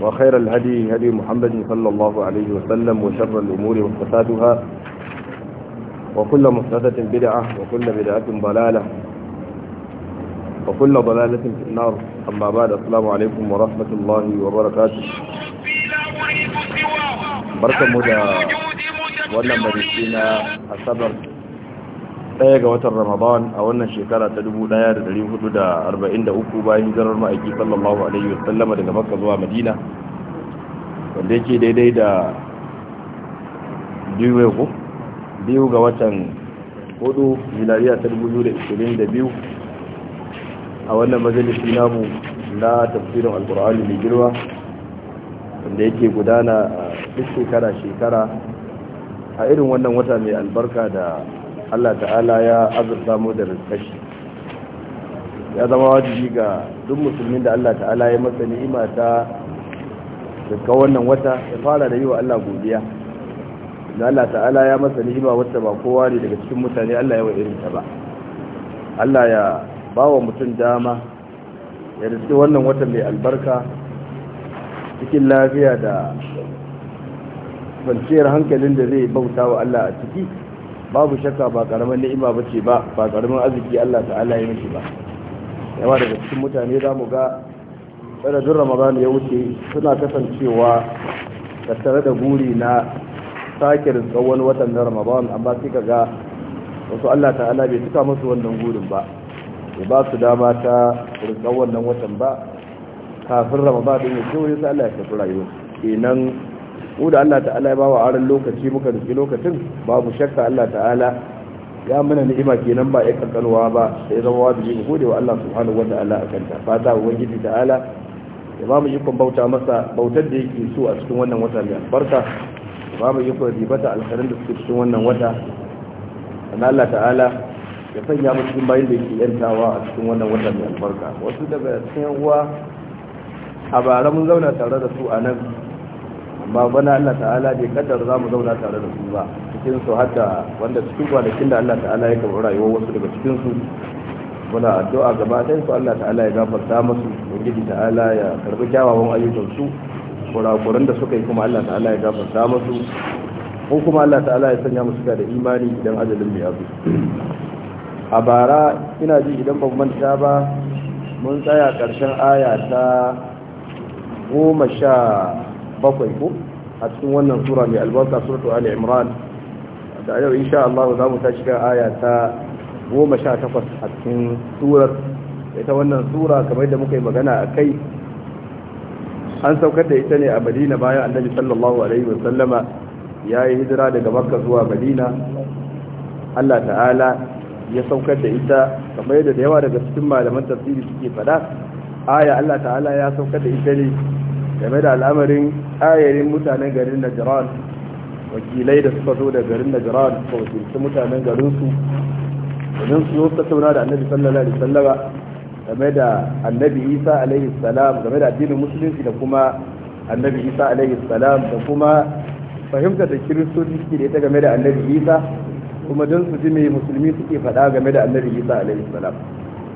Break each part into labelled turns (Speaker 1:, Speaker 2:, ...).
Speaker 1: وخير الهدي هدي محمد صلى الله عليه وسلم وشر الأمور محدثاتها وكل محدثة بدعة وكل بدعة ضلالة وكل ضلالة في النار أما بعد السلام عليكم ورحمة الله وبركاته بركة مدى ولما رسينا الصبر daya ga watan ramadan a wannan shekara ta 1443 bayan jirar ma'aiki sallallahu alaihi wasallama daga makka zuwa madina wanda yake daidai da biyu ga watan 4 milariya ta 2022 a wannan majalisi namu na tafsirin alkur'ani mai girma wanda yake gudana a shekara-shekara a irin wannan wata mai albarka da Allah ta'ala ya azurta mu da rikashi ya zama wajibi ga duk musulmin da Allah ta'ala ya masa ni'ima ta daga wannan wata ya fara da yi wa Allah godiya da Allah ta'ala ya masa ni'ima wata ba kowa ne daga cikin mutane Allah ya wa irin ta ba Allah ya ba wa mutum dama ya riske wannan wata mai albarka cikin lafiya da kwanciyar hankalin da zai bauta wa Allah a ciki babu shakka ba karamin ni'ima bace ba ba karamin arziki Allah ta'ala ya mishi ba yawa daga cikin mutane za mu ga sanadin ramadan ya wuce suna kasancewa tattare da guri na sake tsawon watan na ramadan amma sai ka ga wasu Allah ta'ala bai cika musu wannan gurin ba ya ba su dama ta tsawon wannan watan ba kafin ramadan ya ce wani sai Allah ya tafi rayuwa kenan mu da Allah ta'ala ya bawa aran lokaci muka riki lokacin babu shakka Allah ta'ala ya mana ni'ima kenan ba ya kankanwa ba sai zama wajibi ko gode wa Allah subhanahu wata'ala akan ta fata ubangiji ta'ala ya ba mu yi bauta masa bautar da yake so a cikin wannan wata mai albarka ya ba mu ikon ribata alkarin da suke cikin wannan wata sannan Allah ta'ala ya sanya mu cikin bayin da yake yantawa a cikin wannan wata mai albarka wasu daga cikin uwa a bara mun zauna tare da su a nan amma bana Allah ta'ala bai kaddar za mu zauna tare da su ba cikin su hadda wanda cikin kwanakin da Allah ta'ala ya karɓi rayuwar wasu daga cikin su muna addu'a gaba ɗayan su Allah ta'ala ya gafarta musu ubangiji ta'ala ya karbi kyawawan ayyukan su kurakuran da suka yi kuma Allah ta'ala ya gafarta musu ko kuma Allah ta'ala ya sanya musu da imani idan ajalin mu ya a bara ina ji idan ban manta ba mun tsaya karshen aya ta goma sha bakwai ko a cikin wannan sura mai albarka suratu ali imran da yau insha Allah za mu tashi kan aya ta 18 a cikin surar ita wannan sura kamar da muka yi magana a kai an saukar da ita ne a madina bayan annabi sallallahu alaihi wasallama ya yi hijira daga makka zuwa madina Allah ta'ala ya saukar da ita kamar da yawa daga cikin malaman tafsiri suke fada aya Allah ta'ala ya saukar da ita ne game da al'amarin ayarin mutanen garin Najran wakilai da suka zo da garin Najran ko wakilci mutanen garin su idan su zo tattauna da Annabi sallallahu alaihi wasallama game da Annabi Isa alaihi salam game da addinin musulunci da kuma Annabi Isa alaihi salam da kuma fahimtar da kiristoci suke da ita game da Annabi Isa kuma don su ji mai musulmi suke faɗa game da Annabi Isa alaihi salam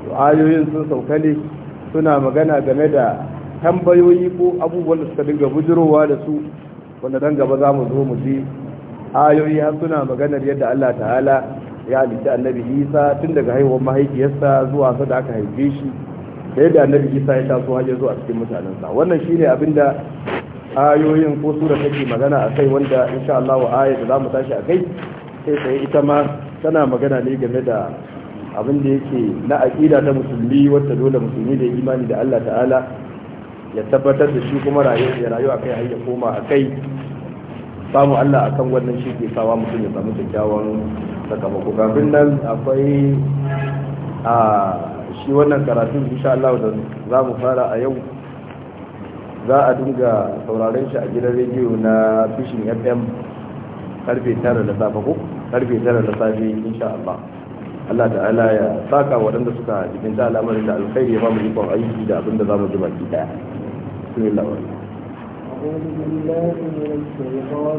Speaker 1: to ayoyin sun sauka ne suna magana game da tambayoyi ko abubuwan da suka dinga bujirowa da su wanda dan gaba za mu zo mu ji ayoyi har suna maganar yadda Allah ta'ala ya halitta annabi Isa tun daga haihuwar mahaifiyarsa zuwa sa da aka haife shi da yadda annabi Isa ya taso har zuwa zo a cikin mutanensa wannan shine abinda da ayoyin ko sura take magana a kai wanda insha Allah wa ayat za tashi a kai sai sai ita ma tana magana ne game da abin da yake na aƙida ta musulmi wata dole musulmi da imani da Allah ta'ala ya tabbatar da shi kuma rayuwa ya rayu akai har ya koma akai samu Allah akan wannan shi ke sawa mutum ya samu kyakkyawan sakamako kafin nan akwai a shi wannan karatun insha Allah da za mu fara a yau za a dinga sauraren shi a gidan rediyo na Fishing FM karfe 9 da safe ko karfe 9 da safe insha Allah Allah ta'ala ya saka waɗanda suka jikin ta da alkhairi ya ba mu ikon aiki da abin da za mu ji baki daya bismillah wa
Speaker 2: أعوذ بالله من شهد الله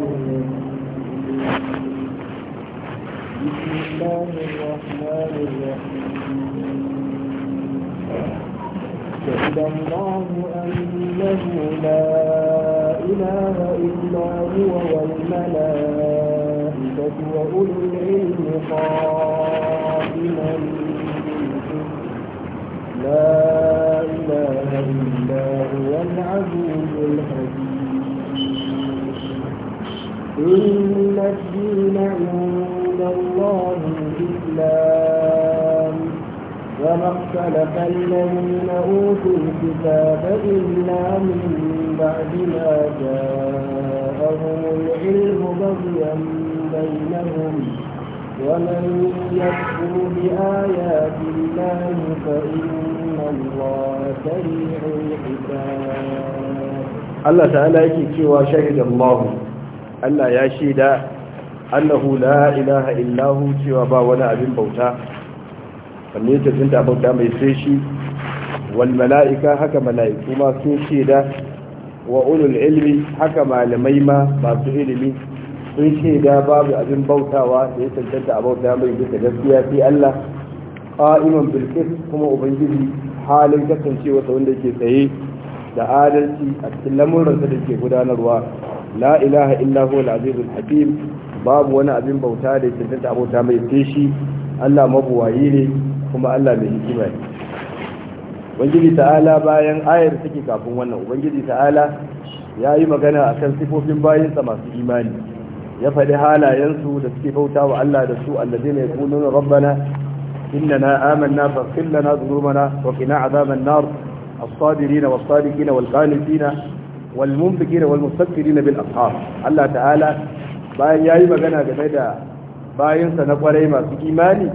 Speaker 2: أنه لا إله إلا هو والملائكة العزة وأولو العلم قائما لا إله إلا هو العزيز الحكيم إن الدين عند الله الإسلام وما اختلف الذين أوتوا الكتاب إلا من بعد ما جاءهم العلم بغيا بينهم ومن يكفر بآيات الله فإن الله سريع الحساب
Speaker 1: الله تعالى يكي شهد الله Allah ya shaida annahu la ilaha illahu cewa ba wani abin bauta wanne ta tunda bauta mai sai shi wal mala'ika haka mala'iku ma sun shaida wa ulul ilmi haka malamai ma masu ilimi sun shaida babu abin bautawa da ya tantanta a bauta mai bisa gaskiya sai Allah qa'iman bil kuma ubangiji halin kasancewa sa wanda yake tsaye da adalci a cikin lamuransa da ke gudanarwa la ilaha illa huwa al-azizul hakim babu wani abin bauta da ya tantanta a bauta mai sai shi Allah mabuwayi ne kuma Allah mai hikima ne ubangiji ta'ala bayan ayar take kafin wannan ubangiji ta'ala ya yi magana akan sifofin bayinsa masu imani ya faɗi halayensu da suke bauta wa Allah da su allazi ne kunun rabbana إننا آمنا فاغفر لنا ذنوبنا وقنا عذاب النار الصابرين والصادقين والقانتين والمنفقين والمستكبرين بالأسحار Allah Ta'ala bayan yi magana game da bayansa na kwarai masu imani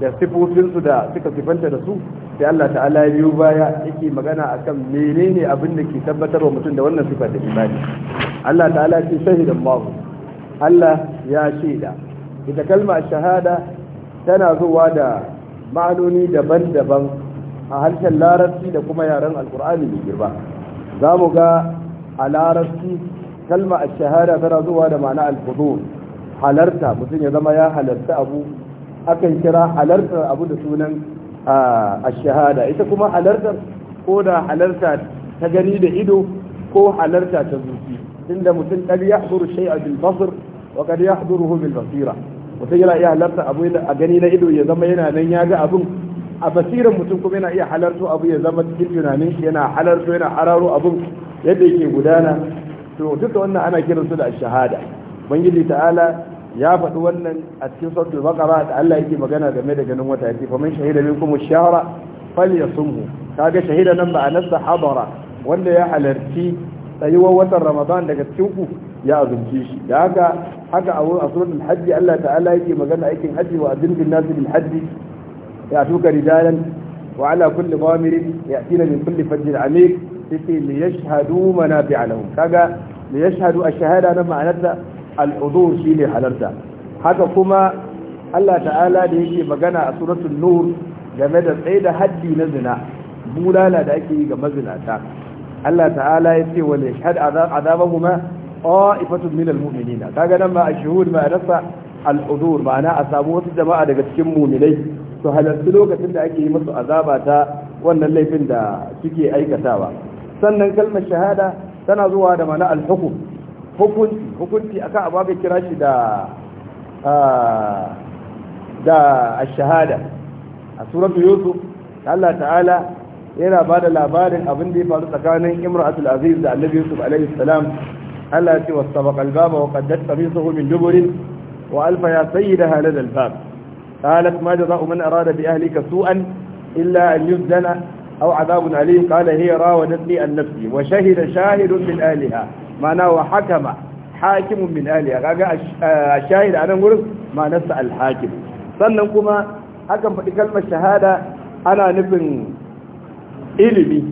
Speaker 1: da sifofinsu da suka sifanta da su sai Allah ta'ala ya biyo baya yake magana akan menene abin da ke tabbatar wa mutum da wannan sifa da imani Allah ta'ala ce shahidan mahu Allah ya shaida ita kalma shahada tana zuwa da ma'anoni daban-daban a harshen larabci da kuma yaren alkur'ani da girba za mu ga a larabci kalma a shahada tana zuwa da ma'ana alfuzur halarta mutum ya zama ya halarta abu akan kira halartar abu da sunan a shahada ita kuma halartar ko da halarta ta gani da ido ko halarta ta zuci inda mutum ɗari ya shai a bilbasir wa kad yahduruhu bil basira mutum yana iya halarta abu a gani na ido ya zama yana nan ya ga abun a basiran mutum kuma yana iya halarto abu ya zama cikin tunanin shi yana halarto yana hararo abun yadda yake gudana to duka wannan ana su da shahada ubangiji ta'ala ya faɗi wannan a cikin sautul baqara da Allah yake magana game da ganin wata yake fa man shahida minkum ash-shahra falyasumhu kaga shahida nan ba anas hadara wanda ya halarci tsayuwar watan ramadan daga cikin ku ya azumce shi da haka haka a wurin asuratul hajji Allah ta'ala yake magana aikin hajji wa azim nasu bil hajji ya tuka rijalan wa ala kulli bamirin ya'tina min kulli fajjin amik sai li yashhadu manafi'a lahum kaga li yashhadu ash-shahada na ma'anarta al-hudur shine halarta haka kuma Allah ta'ala da yake magana a suratul nur game da tsaida haddi na zina bulala da ake yi ga mazinata Allah ta'ala ya ce wa yashhad azabahuma qa'ifatun min almu'minina kaga nan ma ashhur ma nasa alhudur ma'ana a samu wasu jama'a daga cikin mu'minai su halarci lokacin da ake yi musu azaba ta wannan laifin da suke aikatawa sannan kalmar shahada tana zuwa da ma'ana alhukum hukunci hukunci akan abu aka kira shi da da shahada a suratu yusuf Allah ta'ala yana ba da labarin abin da ya faru tsakanin imratul aziz da annabi yusuf alaihi salam Allah ce wasu sabakal baba wa kaddat kamisuhu min duburin wa alfa ya sayi da halar albab قالت ما جزاء من أراد بأهلك سوءا إلا أن يسجن أو عذاب أليم قال هي راودتني عن نفسي وشهد شاهد من أهلها معناه وحكم حاكم من أهلها قال الشاهد أنا نقول ما نسأل الحاكم sannan kuma akan faɗi kalmar shahada ana nufin ilimi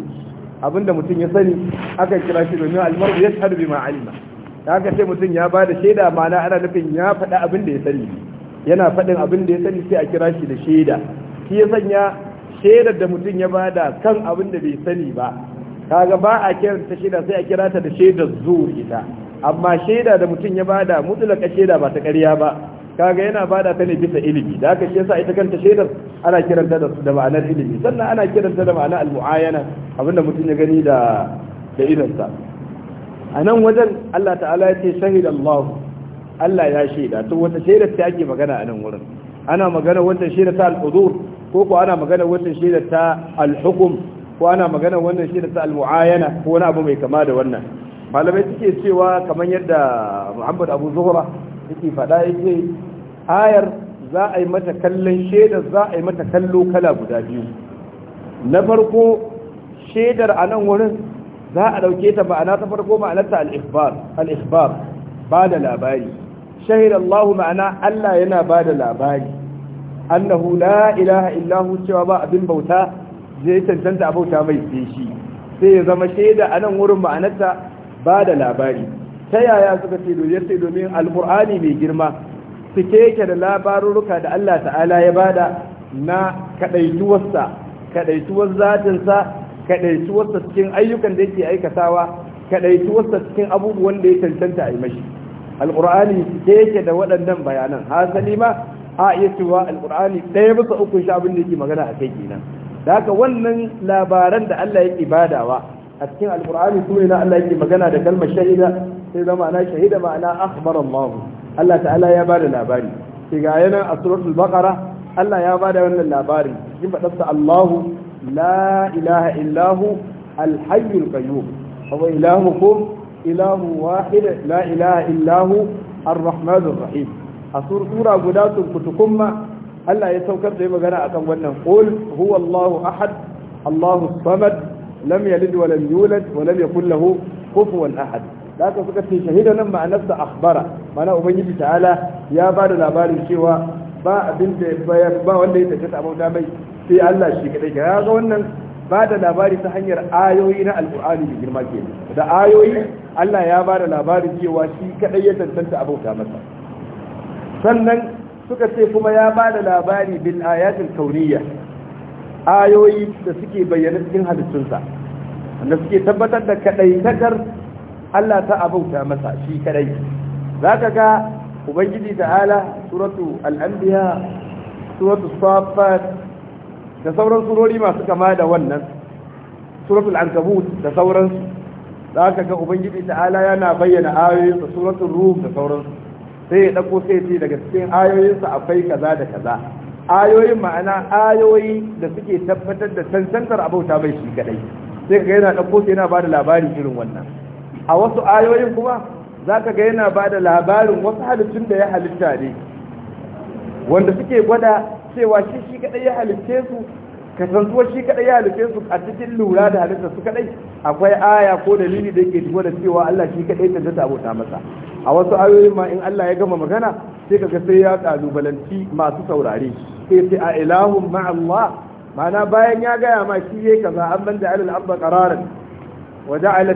Speaker 1: abinda mutum ya sani aka kira shi domin almaru ya shahadu bi ma'alima da aka ce mutum ya bada shaida ma'ana ana nufin ya faɗa abin da ya sani yana faɗin abin da ya sani sai a kira shi da shaida shi ya sanya shaidar da mutum ya bada kan abin da bai sani ba kaga ba a kiran shaida sai a kira ta da shaidar zuwa ita amma shaida da mutum ya bada mutulaka shaida ba ta karya ba kaga yana bada ta ne bisa ilimi da haka shi yasa ita kanta shaidar ana kiranta da ma'anar ilimi sannan ana kiranta da ma'anar al-mu'ayana abinda mutum ya gani da da idansa a nan wajen Allah ta'ala ya ce shahid Allah Allah ya shaida to wata shaidar ta ake magana a nan wurin ana magana wannan shaida ta al-hudur ko ko ana magana wannan shaida ta al-hukm ko ana magana wannan shaida ta al-mu'ayana ko wani abu mai kama da wannan malamai suke cewa kamar yadda Muhammad Abu Zuhra yake faɗa ce ayar za a yi mata kallon shaidar za a yi mata kallo kala guda biyu na farko shaidar a nan wurin za a ɗauke ta ma'ana ta farko ma'anarta al-ikhbar ba da labari shahid ma'ana Allah yana ba da labari annahu la ilaha illahu cewa ba abin bauta zai cancanta a bauta mai sai shi sai ya zama shaida a nan wurin ma'anarta ba da labari ta yaya suka ce domin yace domin alqur'ani mai girma suke yake da labaruruka da Allah ta'ala ya bada na kadaituwarsa kadaituwar zatinsa kadaituwarsa cikin ayyukan da yake aikatawa kadaituwarsa cikin abubuwan da ya cancanta a yi mashi Alƙur'ani suke yake da waɗannan bayanan hasali ma a iya cewa Alƙur'ani ɗaya bisa uku sha abin da yake magana a kai kenan da haka wannan labaran da Allah yake badawa a cikin Alƙur'ani su ne na Allah yake magana da kalmar shahida sai zama ana shahida ma'ana akhbar Allah Allah ta'ala ya bada labari sai ga yana a suratul bakara Allah ya bada wannan labari in fadarsa allahu la ilaha illahu hu al-hayyul qayyum wa ilahu wahid la ilaha illahu hu rahim a sura guda sun kutukumma Allah ya saukar da magana a kan wannan qul huwa Allahu ahad Allahu samad lam yalid wa lam yulad wa lam yakul lahu kufuwan ahad da haka suka ce shahida nan ma'anarsa akhbara mana ubangiji ta'ala ya ba da labarin cewa ba abin da ba wanda ya tafi abauta mai sai Allah shi kadai ya ga wannan ba da labari ta hanyar ayoyi na alkur'ani da girma ke da ayoyi Allah ya ba da labarin cewa shi kadai ya tantance abauta masa sannan suka ce kuma ya ba da labari bil ayatul kauniyya ayoyi da suke bayyana cikin halittunsa wanda suke tabbatar da kadai takar. Allah ta abauta masa shi kadai ka ga ubangiji ta'ala suratu al-anbiya suratu safat da sauran surori masu kama da wannan suratul ankabut da sauransu za ka ga ubangiji da Ala yana bayyana ayoyinsa suratul ruh da sauransu sai ya ɗauko sai ce daga cikin ayoyinsa akwai kaza da kaza ayoyin ma'ana ayoyi da suke tabbatar da cancantar abauta mai shi kadai sai ka yana ɗauko sai yana ba da labarin irin wannan a wasu ayoyin kuma za ka ga yana ba da labarin wasu halittun da ya halitta ne wanda suke gwada cewa shi shi kadai ya halitte su kasantuwar shi kadai ya halitte su a cikin lura da halitta su kadai akwai aya ko dalili da yake gwada cewa Allah shi kadai ta ta abota masa a wasu ayoyin ma in Allah ya gama magana sai ga sai ya kalubalanci masu saurare sai sai a ilahun ma mana ma'ana bayan ya gaya ma shi yayi kaza an banda alal abba qararan wa ja'ala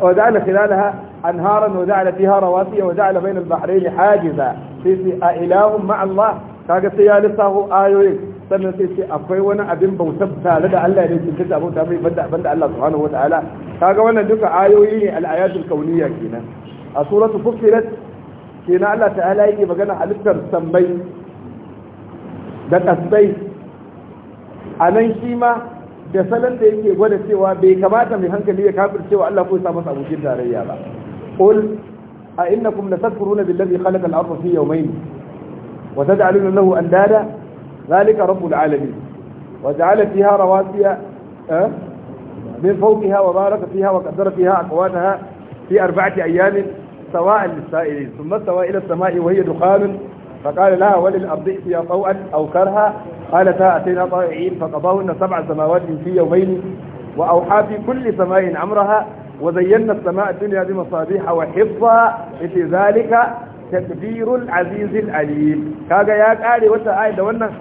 Speaker 1: وجعل خلالها أنهارا وجعل فيها رواسي وجعل بين البحرين حاجزا سيسي أإله مع الله kaga sai ya lissafo ayoyin sannan sai sai akwai wani abin bautar tare da Allah ne cikin abin ta mai banda abin da Allah subhanahu wa ta'ala kaga wannan duka ayoyi ne al-ayatul kauniyya kenan a suratu fussilat kenan Allah ta'ala yake magana halittar sammai da kasbai a nan shi ma da salon da yake gwada cewa bai kamata mai hankali ya kafir cewa Allah ko sa masa abokin tarayya ba qul a innakum lasakfuruna billazi khalaqa al-ardha fi yawmayn wa tad'aluna lahu andada zalika rabbul alamin wa ja'ala fiha rawasiya min fawqiha wa baraka fiha من فوقها وبارك فيها وقدر فيها أقواتها في أربعة أيام سواء للسائلين ثم استوى إلى السماء وهي دخان فقال لها وللأرض ائتيا طوعا أو كرها قالتا أتينا طائعين فقضاهن سبع سماوات في يومين وأوحى في كل سماء أمرها وزينا السماء الدنيا بمصابيح وحفظا في ذلك تدبير العزيز العليم كاغا يا قاري wata ayat da wannan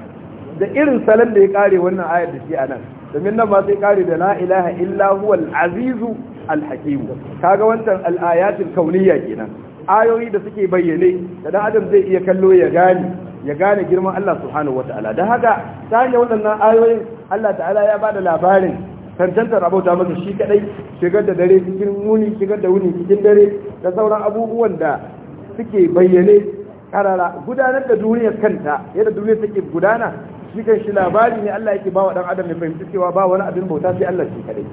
Speaker 1: da irin salon da ya kare wannan ayat da shi anan domin nan ba sai kare da la ilaha illa huwa al-aziz al-hakim kaga wannan al-ayat al-kauniyya kenan ayoyi da suke bayyane da dan adam zai iya kallo ya gani ya gane girman Allah subhanahu wataala dan haka ta hanyar waɗannan ayoyin Allah ta'ala ya bada labarin tantantar abauta masa shi kadai shigar da dare cikin muni shigar da wuni cikin dare da sauran abubuwan da suke bayyane karara gudanar da duniya kanta yadda duniya take gudana shi kan shi labari ne Allah yake bawa dan adam ya fahimci cewa ba wani abin bauta sai Allah shi kadai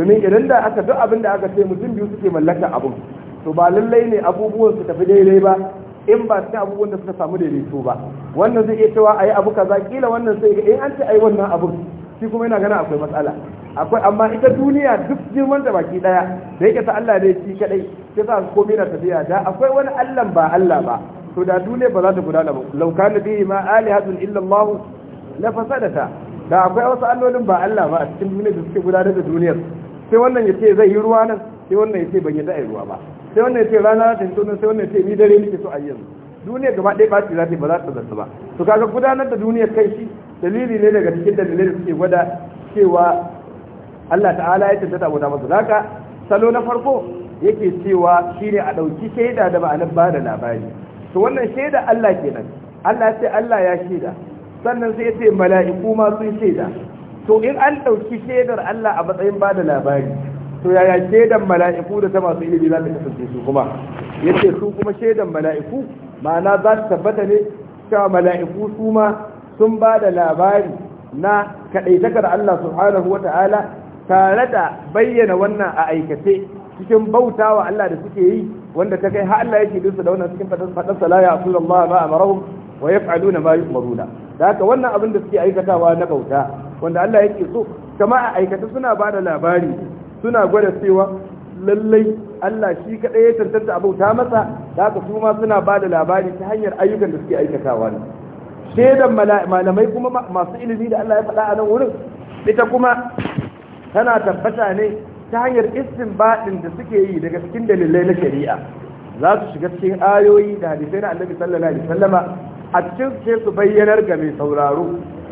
Speaker 1: domin idan da aka duk abin da aka ce mutum biyu suke mallaka abun to ba lallai ne abubuwan su tafi daidai ba in ba cikin abubuwan da suka samu daidaito ba wannan zai iya cewa yi abu kaza kila wannan sai in an ce ayi wannan abu shi kuma yana gana akwai matsala akwai amma ita duniya duk girman da baki daya da yake ta Allah ne shi kadai sai sa komai na tafiya da akwai wani Allah ba Allah ba to da duniya ba za ta gudana ba law kana ma alihatun illa Allah la fasadata da akwai wasu allolin ba Allah ba a cikin duniya da suke gudanar da duniyar sai wannan yace zai yi ruwa nan sai wannan yace ban yi da ruwa ba sai wannan ce rana ta fito sai wannan ce ni dare nake so a yanzu duniya gaba ɗaya ba za ta ba za ta zarta ba to kaga gudanar da duniya kai shi dalili ne daga cikin dalilai da suke gwada cewa Allah ta'ala ya tantata guda masu zaka salo na farko yake cewa shine a ɗauki shaida da ma'anar ba da labari to wannan shaida Allah ke nan Allah sai Allah ya shaida sannan sai ya ce mala'iku ma sun shaida to in an ɗauki shaidar Allah a matsayin ba da labari to yaya shaidan mala'iku da ta masu ilimi za ta kasance su kuma yace su kuma shaidan mala'iku ma'ana za su tabbata ne cewa mala'iku su ma sun ba da labari na kaɗaitakar Allah subhanahu wa ta'ala tare da bayyana wannan a aikace cikin bautawa Allah da suke yi wanda ta kai har Allah yake dinsu da wannan cikin fadar salaya a sunan ma ma amarahum wa yaf'aluna ma yu'maruna da haka wannan abin da suke aikatawa na bauta wanda Allah yake so kama a aikata suna ba da labari suna gwada cewa lallai Allah shi kaɗai ya tantanta ta masa da ka su ma suna ba da labari ta hanyar ayyukan da suke aikatawa ne shaidan malamai kuma masu ilimi da Allah ya faɗa a nan wurin ita kuma tana tabbata ne ta hanyar istinbadin da suke yi daga cikin dalilai na shari'a za su shiga cikin ayoyi da hadisai na annabi sallallahu alaihi wasallama a cikin sai su bayyanar ga mai sauraro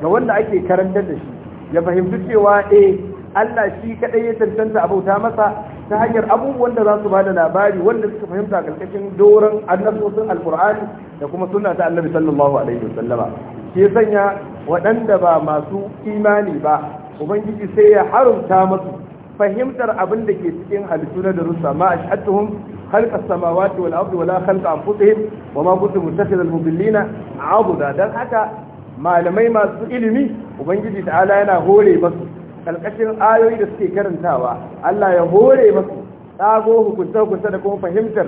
Speaker 1: ga wanda ake karantar da shi ya fahimci cewa eh Allah shi kadai ya tantanta abauta masa ta hanyar abubuwan da za su bada labari wanda suka fahimta karkashin doron annabosin alkur'ani da kuma sunna ta annabi sallallahu alaihi wasallama ke sanya waɗanda ba masu imani ba ubangiji sai ya harumta masu fahimtar abin da ke cikin halittu na darussa ma ashhadtuhum خلق السماوات والأرض ولا خلق أنفسهم وما كنت متخذ المضلين عضدا دان haka malamai masu ilimi ubangiji ta'ala yana hore masu Kalkashin ayoyi da suke karantawa Allah ya hore masu tsago hukunta-hukunta da kuma fahimtar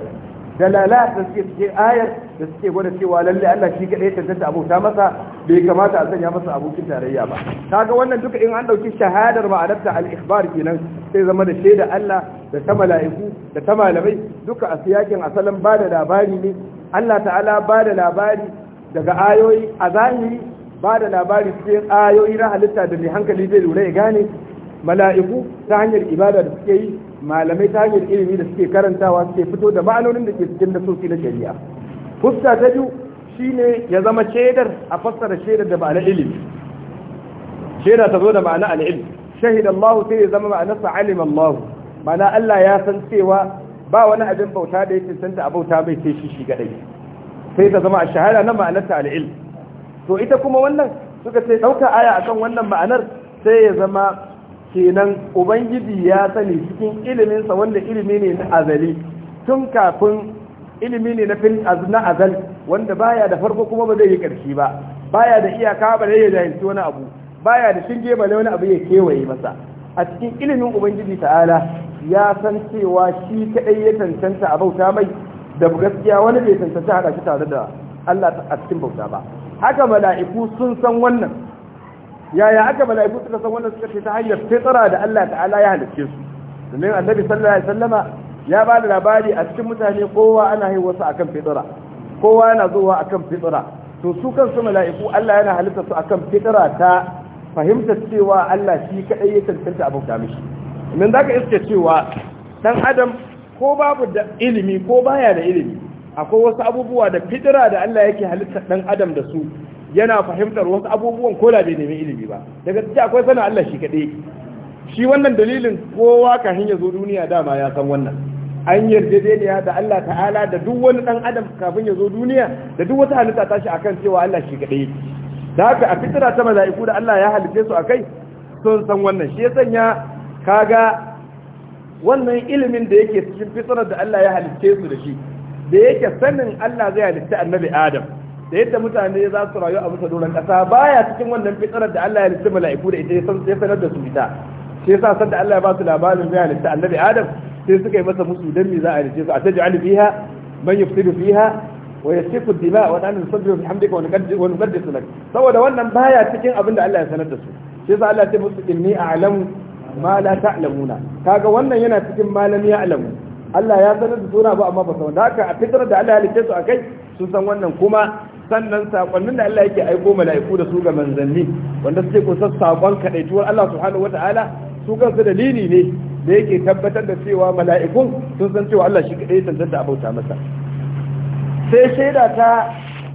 Speaker 1: dalala da suke cikin ayar da suke gwada cewa lalle Allah shi kaɗai tantanta abota masa bai kamata a sanya masa abokin tarayya ba kaga wannan duka in an ɗauki shahadar ma'anarta al-ikhbar kenan sai zama da shaida Allah da ta mala'iku da ta malamai duka a siyakin asalin ba da labari ne Allah ta'ala ba da labari daga ayoyi a zahiri ba da labari cikin ayoyi na halitta da mai hankali zai lura ya gane mala'iku ta hanyar ibada da suke yi malamai ta hanyar ilimi da suke karantawa suke fito da ma'anonin da ke cikin nasosi na shari'a fuska ta biyu shine ya zama shaidar a fassara shaidar da ma'ana ilimi shaida ta zo da ma'ana al'ilm shahid Allah sai ya zama sa alim Allah ma'ana Allah ya san cewa ba wani abin bauta da ya cancanta a bauta mai sai shi shi gadai sai ta zama a shahada na ta al'ilm to ita kuma wannan suka ce ɗauka aya akan wannan ma'anar sai ya zama kenan ubangiji ya sani cikin iliminsa wanda ilimi ne na azali tun kafin ilimi ne na fil azna azal wanda baya da farko kuma ba zai yi ƙarshe ba baya da iyaka ba zai ya jahilci wani abu baya da shinge ba wani abu ya kewaye masa a cikin ilimin ubangiji ta'ala ya san cewa shi kadai ya tantanta a bauta mai da gaskiya wani bai tantanta haka shi tare da Allah a cikin bauta ba haka mala'iku sun san wannan yaya haka mala'iku suka san wannan suka ce ta hanyar fitara da Allah ta'ala ya halicce su domin annabi sallallahu alaihi wasallama ya ba da labari a cikin mutane kowa ana yi wasu akan fitara kowa yana zuwa akan fitra to su kansu mala'iku Allah yana halitta su akan fitara ta fahimtar cewa Allah shi kadai ya tantance abin da mishi domin zaka iske cewa dan adam ko babu da ilimi ko baya da ilimi akwai wasu abubuwa da fitira da Allah yake halitta dan adam da su yana fahimtar wasu abubuwan ko da bai nemi ilimi ba daga cikin akwai sanin Allah shi kaɗai shi wannan dalilin kowa ka ya zo duniya dama ya san wannan an yarjejeniya da Allah ta'ala da duk wani dan adam kafin ya zo duniya da duk wata halitta ta shi akan cewa Allah shi kaɗai da haka a fitira ta mala'iku da Allah ya halitta su akai sun san wannan shi ya sanya kaga wannan ilimin da yake cikin fitrar da Allah ya halitta su da shi da yake sanin Allah zai halitta annabi Adam da yadda mutane za su rayu a bisa doron ƙasa baya cikin wannan fitsarar da Allah ya halitta mala'iku da ita ya sanar da su ita shi yasa san da Allah ya ba su labarin zai halitta annabi Adam sai suka yi masa musu dan me za a halitta su a taj'al fiha man yufsidu fiha wa yasfiku dima wa dan sadru bihamdika wa nuqaddisu lak saboda wannan baya cikin abin da Allah ya sanar da su shi yasa Allah ya ce musu inni a'lamu ma la ta'lamuna kaga wannan yana cikin malami ya alamu Allah ya sanar da suna ba amma ba da haka a fitar da Allah ya halitta su kai sun san wannan kuma sannan saƙonnin da Allah yake aiko mala'iku da su ga manzanni wanda suke kusa saƙon kaɗaituwar Allah subhanahu ta'ala su kansu dalili ne da yake tabbatar da cewa mala'ikun sun san cewa Allah shi kadai tantance abauta masa sai shaida ta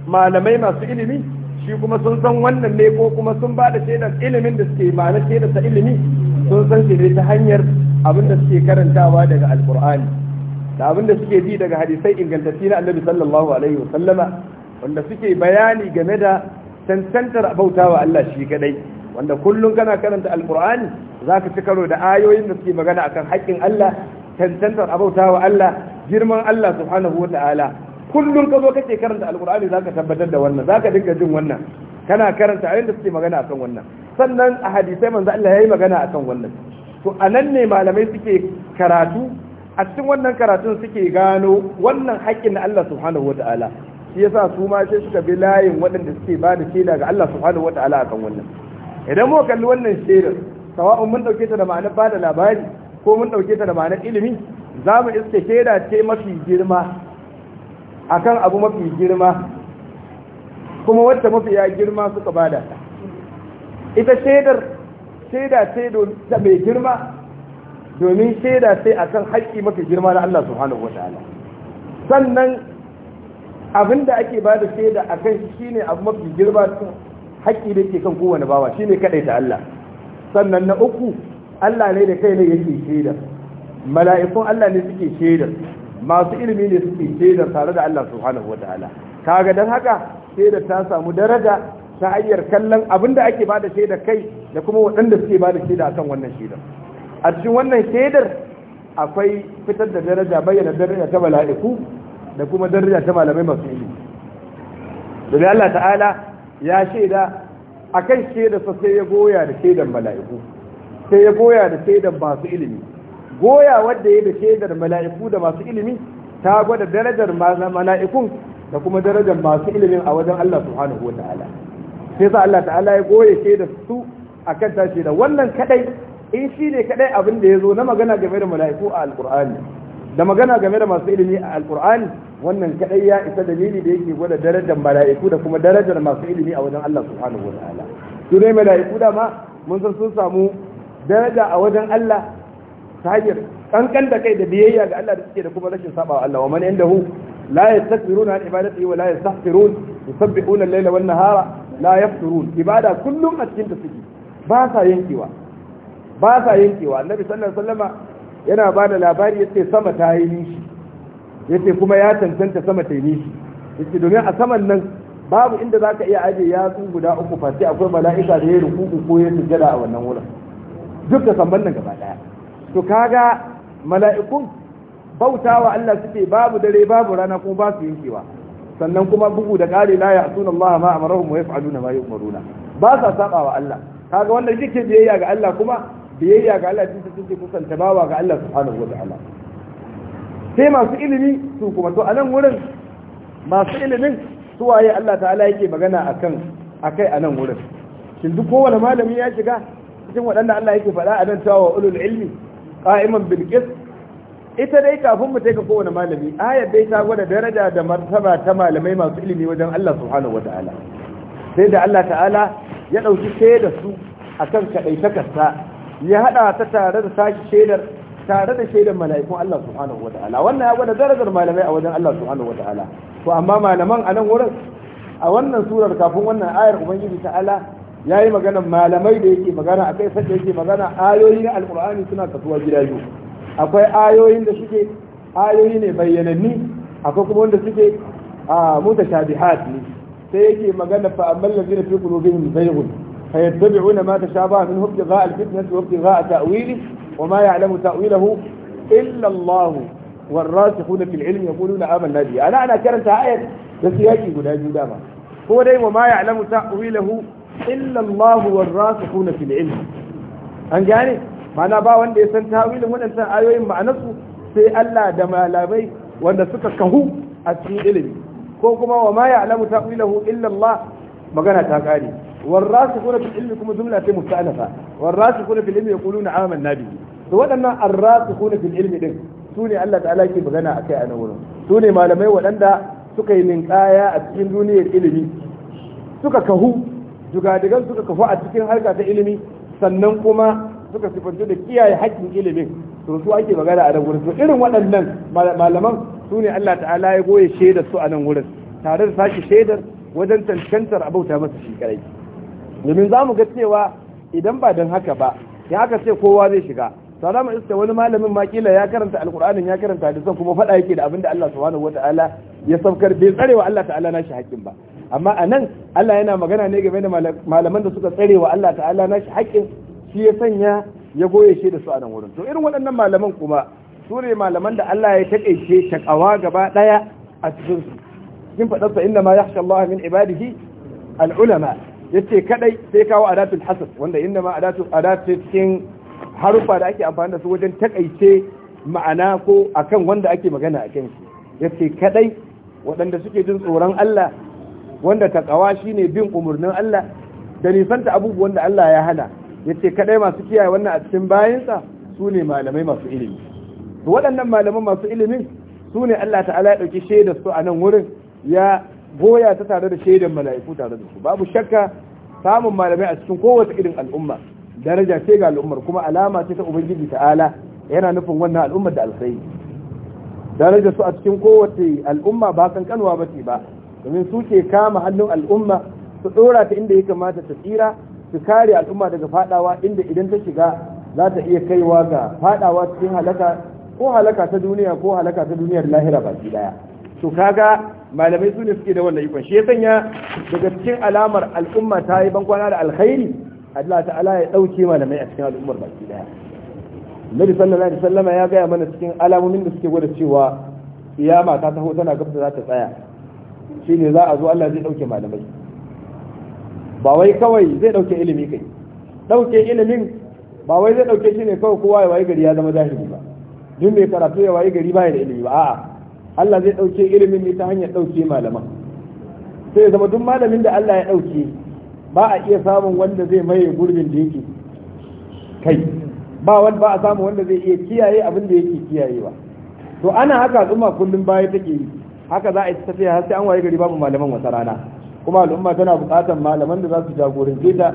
Speaker 1: malamai masu ilimi shi kuma sun san wannan ne ko kuma sun ba da shaidar ilimin da suke ma'ana shaidar ta ilimi sun san shi ne ta hanyar abin da suke karantawa daga alkur'ani da abin da suke ji daga hadisai ingantacci na annabi sallallahu alaihi wa sallama wanda suke bayani game da tantantar bautawa Allah shi kadai wanda kullum kana karanta alqur'ani zaka ci karo da ayoyin da suke magana akan haƙƙin Allah tantantar abautawa Allah girman Allah subhanahu wa ta'ala kullum ka zo kake karanta alqur'ani zaka tabbatar da wannan zaka dinga jin wannan kana karanta ayoyin da suke magana akan wannan sannan a hadisai manzo Allah yayi magana akan wannan to anan ne malamai suke karatu a cikin wannan karatun suke gano wannan haƙƙin Allah subhanahu wa ta'ala shi yasa su ma sai suka bi layin waɗanda suke ba da shaida ga Allah subhanahu wa ta'ala akan wannan idan muka kalli wannan shaidar sawa'un mun dauke ta da ma'anar ba da labari ko mun dauke ta da ma'anar ilimi za mu iske shaida ce mafi girma akan abu mafi girma kuma wacce mafi ya girma suka bada ta ita shaidar shaida ce ta mai girma domin shaida sai a kan haƙƙi mafi girma na Allah subhanahu wataala sannan abinda ake ba da shaida kan shi ne abu mafi girma haƙƙi da ke kan kowane bawa shi ne kadai ta Allah sannan na uku Allah ne da kai ne yake shaida mala'ikun Allah ne suke shaida masu ilimi ne suke shaida tare da Allah subhanahu wataala kaga dan haka shaida ta samu daraja ta hanyar kallon abinda ake ba da shaida kai da kuma waɗanda suke ba da shaida akan wannan shaidar a cikin wannan shaidar akwai fitar da daraja bayyana daraja ta mala'iku da kuma daraja ta malamai masu ilimi domin Allah ta'ala ya shaida akan shaidarsa sai ya goya da shaidar mala'iku sai ya goya da shaidar masu ilimi goya wanda ya da shaidar mala'iku da masu ilimi ta gwada darajar mala'ikun da kuma darajar masu ilimin a wajen Allah subhanahu wa ta'ala sai sa Allah ta'ala ya goye shaidar su akan ta shaida wannan kadai in eh, shi ne kadai abin da ya zo na magana game da mala'iku a alkur'ani da magana game da masu ilimi a alkur'ani wannan kadai ya isa dalili da yake gwada darajar mala'iku da kuma darajar masu ilimi a wajen Allah subhanahu ta'ala su ne mala'iku da ma mun san sun samu daraja a wajen Allah ta hanyar kankan da kai da biyayya ga Allah da suke da kuma rashin saba wa Allah wa man indahu la yastakbiruna an ibadati wa la yastahfirun yusabbihuna al-laila wan nahara la yafturun ibada kullum a cikin ta suke ba sa yankewa ba sa yankewa annabi sallallahu alaihi wasallama yana ba da labari yace sama ta yi nishi yace kuma ya tantanta sama ta yi nishi yace domin a saman nan babu inda zaka iya aje yatsu guda uku fati akwai mala'ika da ya rukuku ko ya sujada a wannan wurin duk da samban nan gaba daya to kaga mala'ikun bautawa Allah suke babu dare babu rana kuma ba su yankewa sannan kuma bugu da ƙari la ya'tuna Allah ma amaruhum wa yaf'aluna ma yu'maruna ba sa sabawa wa Allah kaga wanda yake biyayya ga Allah kuma biyayya ga Allah cikin take kusanta bawa ga Allah subhanahu ta'ala sai masu ilimi su kuma to a nan wurin masu ilimin su waye Allah ta'ala yake magana akan akai a nan wurin shin duk kowane malami ya shiga cikin waɗanda Allah yake faɗa a nan cewa ulul ilmi qa'iman bil qist ita dai kafin mu taika kowane malami ayar dai ta gwada daraja da martaba ta malamai masu ilimi wajen Allah subhanahu ta'ala sai da Allah ta'ala ya ɗauki sai da su akan kaɗaitakarsa ya hada ta tare da saki shaidar tare da shaidar mala'ikun Allah subhanahu wataala wannan ya gwada darajar malamai a wajen Allah subhanahu wataala to amma malaman a nan wurin a wannan surar kafin wannan ayar ubangiji ya yayi magana malamai da yake magana akai sai yake magana ayoyi na alqur'ani suna kasuwa gida biyu akwai ayoyin da suke ayoyi ne bayyananni akwai kuma wanda suke a mutashabihat ne sai yake magana fa amman ladina fi qulubihim zayghun فيتبعون ما تشابه منه ابتغاء الفتنة وابتغاء تأويله وما يعلم تأويله إلا الله والراسخون في العلم يقولون آمنا به أنا أنا كانت آية لسياجي قد أجي داما هو دايما ما يعلم تأويله إلا الله والراسخون في العلم أنجاني ma'ana ba wanda ya san tawilin waɗannan ayoyin ma'anarsu sai Allah da malamai wanda suka kahu a cikin ilimi ko kuma wa ma ya'lamu ta'wilahu illa Allah magana ta kare والراسخون في العلم كما جملة مستأنفة والراسخون في العلم يقولون آمنا به فوالأن الراسخون في العلم دين سوني الله تعالى كيف بغنا أكي أنا ولو سوني ما لم أن دا من ينقايا أتكين دوني العلم سكا كهو جغادقان سكا كفو أتكين حركة العلم sannan سكا suka sifantu da kiyaye العلم سوى to su أنا magana a nan wurin to irin waɗannan malaman su ne Allah ta'ala ya goye shaidar su a nan wurin tare da sashi wajen tantantar abauta masa shi karai domin za mu ga cewa idan ba don haka ba ya aka ce kowa zai shiga sana mu iska wani malamin ma kila ya karanta alkur'anin ya karanta hadisan kuma faɗa yake da abinda Allah subhanahu wataala ya saukar bai tsarewa Allah ta'ala nashi haƙƙin ba amma a nan Allah yana magana ne game da malaman da suka tsarewa Allah ta'ala nashi haƙƙin shi ya sanya ya goye shi da su a nan wurin to irin waɗannan malaman kuma su ne malaman da Allah ya taƙaice ƙawa gaba ɗaya a cikin su faɗa sa inna ma yakhsha Allah min ibadihi al yace kadai sai kawo adatul hasas wanda inda ma adatul cikin harufa da ake amfani da su wajen takaice ma'ana ko akan wanda ake magana kan shi yace kadai waɗanda suke jin tsoron Allah wanda takawa shine bin umurnin Allah da nisanta abubuwan da Allah ya hana yace kadai masu kiyaye wannan a cikin bayansa su ne malamai masu ilimi to waɗannan malaman masu ilimin su ne Allah ta'ala ya ɗauki shaidar su a nan wurin ya goya ta tare da shaidan mala'iku tare da su babu shakka samun malamai a cikin kowace irin al'umma daraja ce ga al'ummar kuma alama ce ta ubangiji ta'ala yana nufin wannan al'ummar da alkhairi daraja su a cikin kowace al'umma ba kankanuwa ba ce ba domin su ke kama hannun al'umma su dora ta inda ya kamata ta tsira su kare al'umma daga fadawa inda idan ta shiga za ta iya kaiwa ga fadawa cikin halaka ko halaka ta duniya ko halaka ta duniyar lahira baki daya to kaga malamai su ne suke da wannan ikon shi ya sanya daga cikin alamar al'umma ta yi bankwana da alkhairi Allah ta'ala ya dauke malamai a cikin al'ummar baki daya Nabi sallallahu alaihi wasallam ya gaya mana cikin alamomin da suke gwada cewa kiyama ta taho tana gaba za ta tsaya shine za a zo Allah zai dauke malamai ba wai kawai zai dauke ilimi kai dauke ilimin ba wai zai dauke shi ne kawai kowa ya wayi gari ya zama jahili ba duk mai karatu ya wayi gari ba ya da ilimi ba a'a Allah zai ɗauke ilimin ne ta hanyar ɗauke malaman sai zama duk malamin da Allah ya ɗauke ba a iya samun wanda zai maye gurbin da yake kai ba wani ba a samu wanda zai iya kiyaye abin da yake kiyayewa to ana haka al'umma kullum baya take yi haka za a yi tafiya har sai an waye gari babu malaman wata rana kuma al'umma tana buƙatar malaman da za su jagorance ta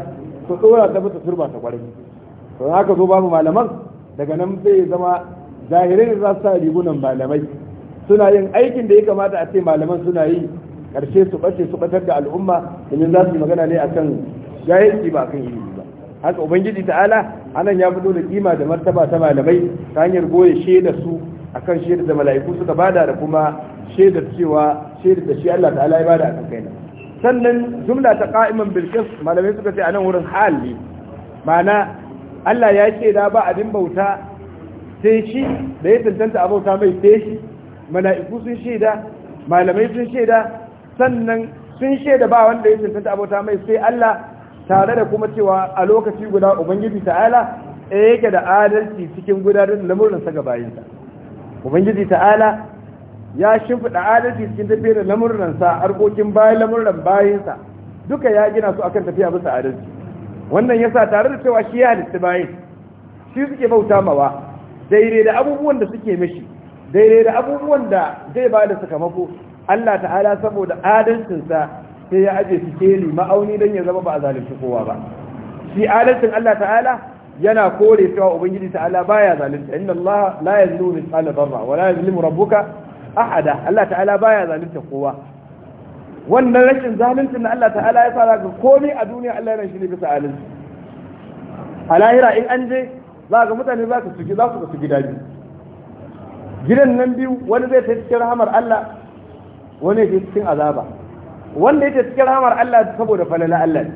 Speaker 1: su ɗora ta bata turba ta kwarai to haka zo babu malaman daga nan zai zama zahirai da za su sa rigunan malamai suna yin aikin da ya kamata a ce malaman suna yi karshe su ɓace su ɓatar da al'umma domin za su yi magana ne akan jahilci ba kan yi ba haka ubangiji ta'ala anan ya fito da kima da martaba ta malamai ta hanyar goye shaida su akan shaida da mala'iku suka bada da kuma shaida cewa shaida da shi Allah ta'ala ya bada a kan kaina sannan jumla ta Ka'iman bilkis malamai suka ce a nan wurin hali ma'ana Allah ya ce da ba abin bauta sai shi da ya tantanta a Bauta mai sai shi mala'iku sun shaida malamai sun shaida sannan sun shaida ba wanda ya cancanta abota mai sai Allah tare da kuma cewa a lokaci guda ubangiji ta'ala ya yake da adalci cikin gudanar da lamurinsa ga bayinsa ubangiji ta'ala ya shimfiɗa adalci cikin tafiya da lamurinsa harkokin bayan lamurin bayinsa duka ya gina su akan tafiya bisa adalci wannan yasa tare da cewa shi ya halitta bayin shi suke bauta mawa daidai da abubuwan da suke mishi daidai da abubuwan da zai ba da sakamako Allah ta'ala saboda adalcinsa sai ya aje su keli ma'auni don ya zama ba a zalunci kowa ba shi adalcin Allah ta'ala yana kore cewa ubangiji ta'ala baya zalunta inna Allah la yazlimu mithqala dharra wa la yazlimu rabbuka ahada Allah ta'ala ba ya zalunta kowa wannan rashin zaluncin da Allah ta'ala ya fara ga komai a duniya Allah yana shi ne bisa adalci a lahira in an je za ga mutane za su suki za su suki daji gidan nan biyu wani zai ta cikin rahamar Allah wani ya cikin azaba wanda yake cikin rahamar Allah saboda falala Allah ne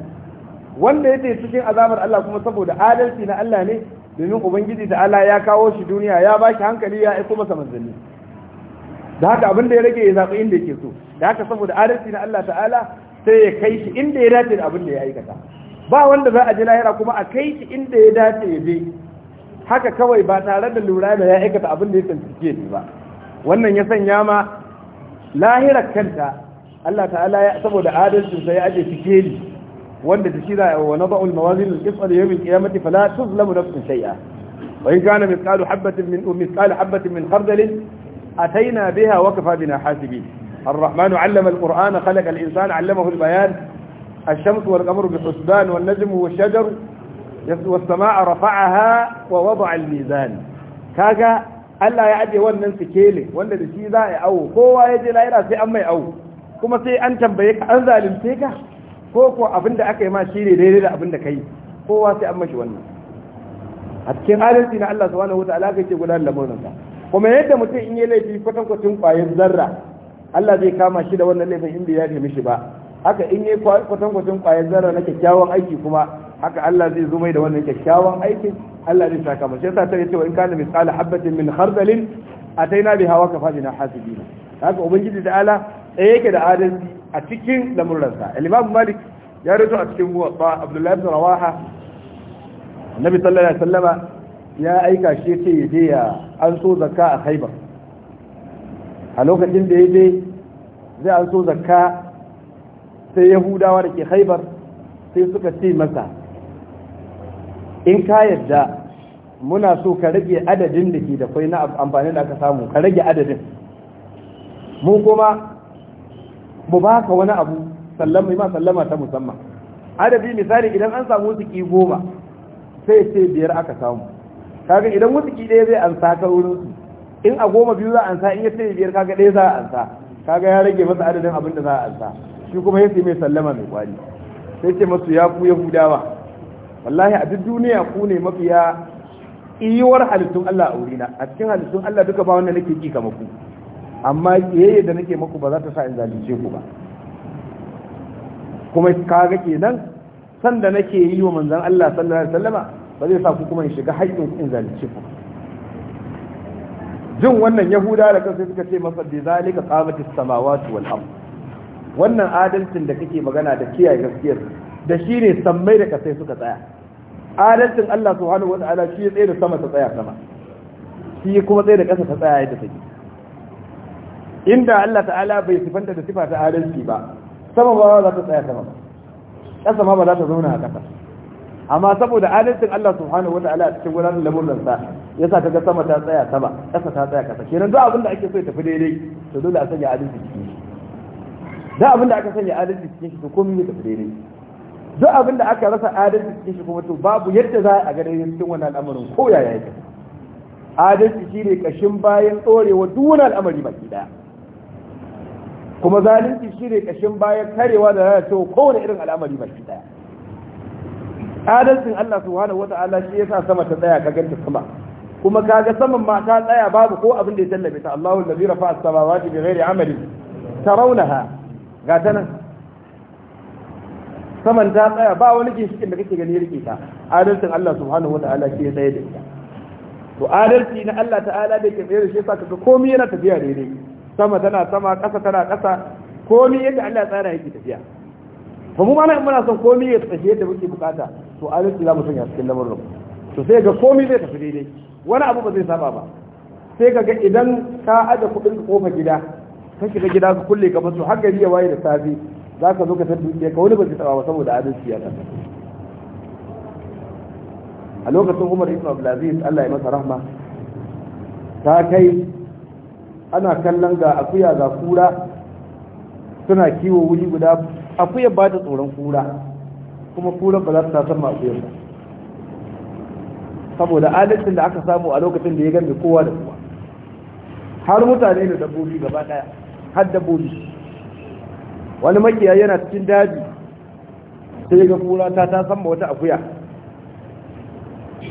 Speaker 1: wanda yake cikin azabar Allah kuma saboda adalci na Allah ne domin ubangiji da Allah ya kawo shi duniya ya ba shi hankali ya aiko masa manzanni da haka abin da ya rage ya zaɓi inda yake so da haka saboda adalci na Allah ta'ala sai ya kai shi inda ya dace da abin da ya aikata ba wanda za a ji lahira kuma a kai shi inda ya dace ya je haka kawai ba tare da lura da ya aikata abin da ya tsantsike ne ba wannan ya sanya ma lahirar kanta Allah ta'ala ya saboda adalcin sai ya aje sikeli wanda ta da wa nada'u al-mawazin al-qisqa li yawm al-qiyamati fala tuzlamu nafsun shay'a wa in kana mithqalu habatin min mithqalu habatin min khardal atayna biha wa kafa bina hasibin الرحمن علم القرآن خلق الإنسان علمه البيان الشمس والقمر بحسبان والنجم والشجر wa رفعها al-mizan kaga Allah ya aje wannan sikele wanda da shi za a yi awo kowa ya je lahira sai an mai awo kuma sai an tambaye ka an zalunce ka ko ko abin da aka yi ma shine daidai da abin da kai kowa sai an mashi wannan a cikin adalci na Allah subhanahu wataala ka ce gudanar da murnan kuma yadda mutum in yi laifi kwatan kwatin kwayar zarra Allah zai kama shi da wannan laifin in ya yafe mishi ba haka in yi kwatan kwatin kwayar zarra na kyakkyawan aiki kuma haka Allah zai zo mai da wannan kyakkyawan aikin Allah zai saka masa sai ta yace wa in kana misala habatin min khardalin ataina biha wa kafadina hasibina haka ubangiji da ala ɗaya yake da adalci a cikin lamuransa al-imam malik ya rato a cikin muwatta abdullahi ibn rawaha annabi sallallahu alaihi wasallama ya aika shi ce ya je ya an so zakka a khaibar a lokacin da ya je zai an so zakka sai yahudawa da ke khaibar sai suka ce masa in ka yadda muna so ka rage adadin da ke da kwai na amfani da aka samu ka rage adadin mu kuma mu ba ka wani abu sallama ma sallama ta musamman adabi misali idan an samu wutsiki goma sai sai biyar aka samu kaga idan wutsiki ɗaya zai ansa ka wurin su in a goma biyu za a ansa in ya sai biyar kaga ɗaya za a ansa kaga ya rage masa adadin abin da za a ansa shi kuma ya sai mai sallama mai kwali sai ce masu ya ku yahudawa wallahi a duk duniya ku ne mafiya iyuwar halittun Allah a wurina a cikin halittun Allah duka ba wanda nake ki kamar ku amma yayye da nake maku ba za ta sa in zalunce ku ba kuma kaga kenan san da nake yi wa manzon Allah sallallahu alaihi wasallama ba zai sa ku kuma in shiga haƙƙin in zalunce ku jin wannan yahuda da kansu suka ce masa bi zalika qamatis samawati wal ard wannan adalcin da kake magana da kiyaye gaskiyar da shi ne sammai da kasai suka tsaya adalcin Allah subhanahu wata'ala shi ya tsaye da sama ta tsaya sama shi kuma tsaye da kasa ta tsaya yadda take inda Allah ta'ala bai sifanta da sifa ta adalci ba sama ba za ta tsaya sama ƙasa kasa ma ba za ta zauna a kasa amma saboda adalcin Allah subhanahu wata'ala a cikin gudanar lamurin sa yasa ga sama ta tsaya sama kasa ta tsaya kasa kenan duk abin da ake so ya tafi daidai to dole a sanya adalci cikin shi da abin da aka sanya adalci cikin shi to komai ya tafi daidai duk abin da aka rasa adalci cikin shi kuma to babu yadda za a ga daidai cikin wannan al'amarin ko yaya yake adalci shine kashin bayan tsorewa duk wani al'amari baki daya kuma zalunci shine kashin bayan karewa da za lalacewa kowane irin al'amari baki daya adalcin Allah subhanahu wata'ala shi yasa sama ta tsaya ka ganta sama kuma kaga saman ma ta tsaya babu ko abin da ya tallabe ta Allahu allazi rafa'a as-samawati bighairi amalin tarawnaha ga ta saman ta tsaya ba wani ginshikin da kake gani rike ta adalcin Allah subhanahu wata'ala ke ya tsaye da ita to adalci na Allah ta'ala da ke tsaye da shi saka komi komai yana tafiya daidai sama tana sama ƙasa tana ƙasa komai yadda Allah ya tsara yake tafiya to mu ma nan muna son komai ya tsaye yadda muke bukata to adalci za mu sanya cikin lamarin to sai ga komai zai tafi daidai wani abu ba zai saba ba sai ka ga idan ka aje kuɗin kofa gida ka shiga gida ka kulle ka fasu har gari ya waye da safe za ka zo ka ta dukiya ka wani ba ki taba ba saboda adalci ya kasa a lokacin Umar ibn Abdulaziz Allah ya masa rahma ta kai ana kallon ga akuya ga kura suna kiwo wuri guda Akuya ba ta tsoron kura kuma kuran ba za ta san akuya ba saboda adalcin da aka samu a lokacin da ya gami kowa da kowa har mutane da dabbobi gaba daya har dabbobi wani makiya yana cikin daji sai ga kura ta ta san wata akuya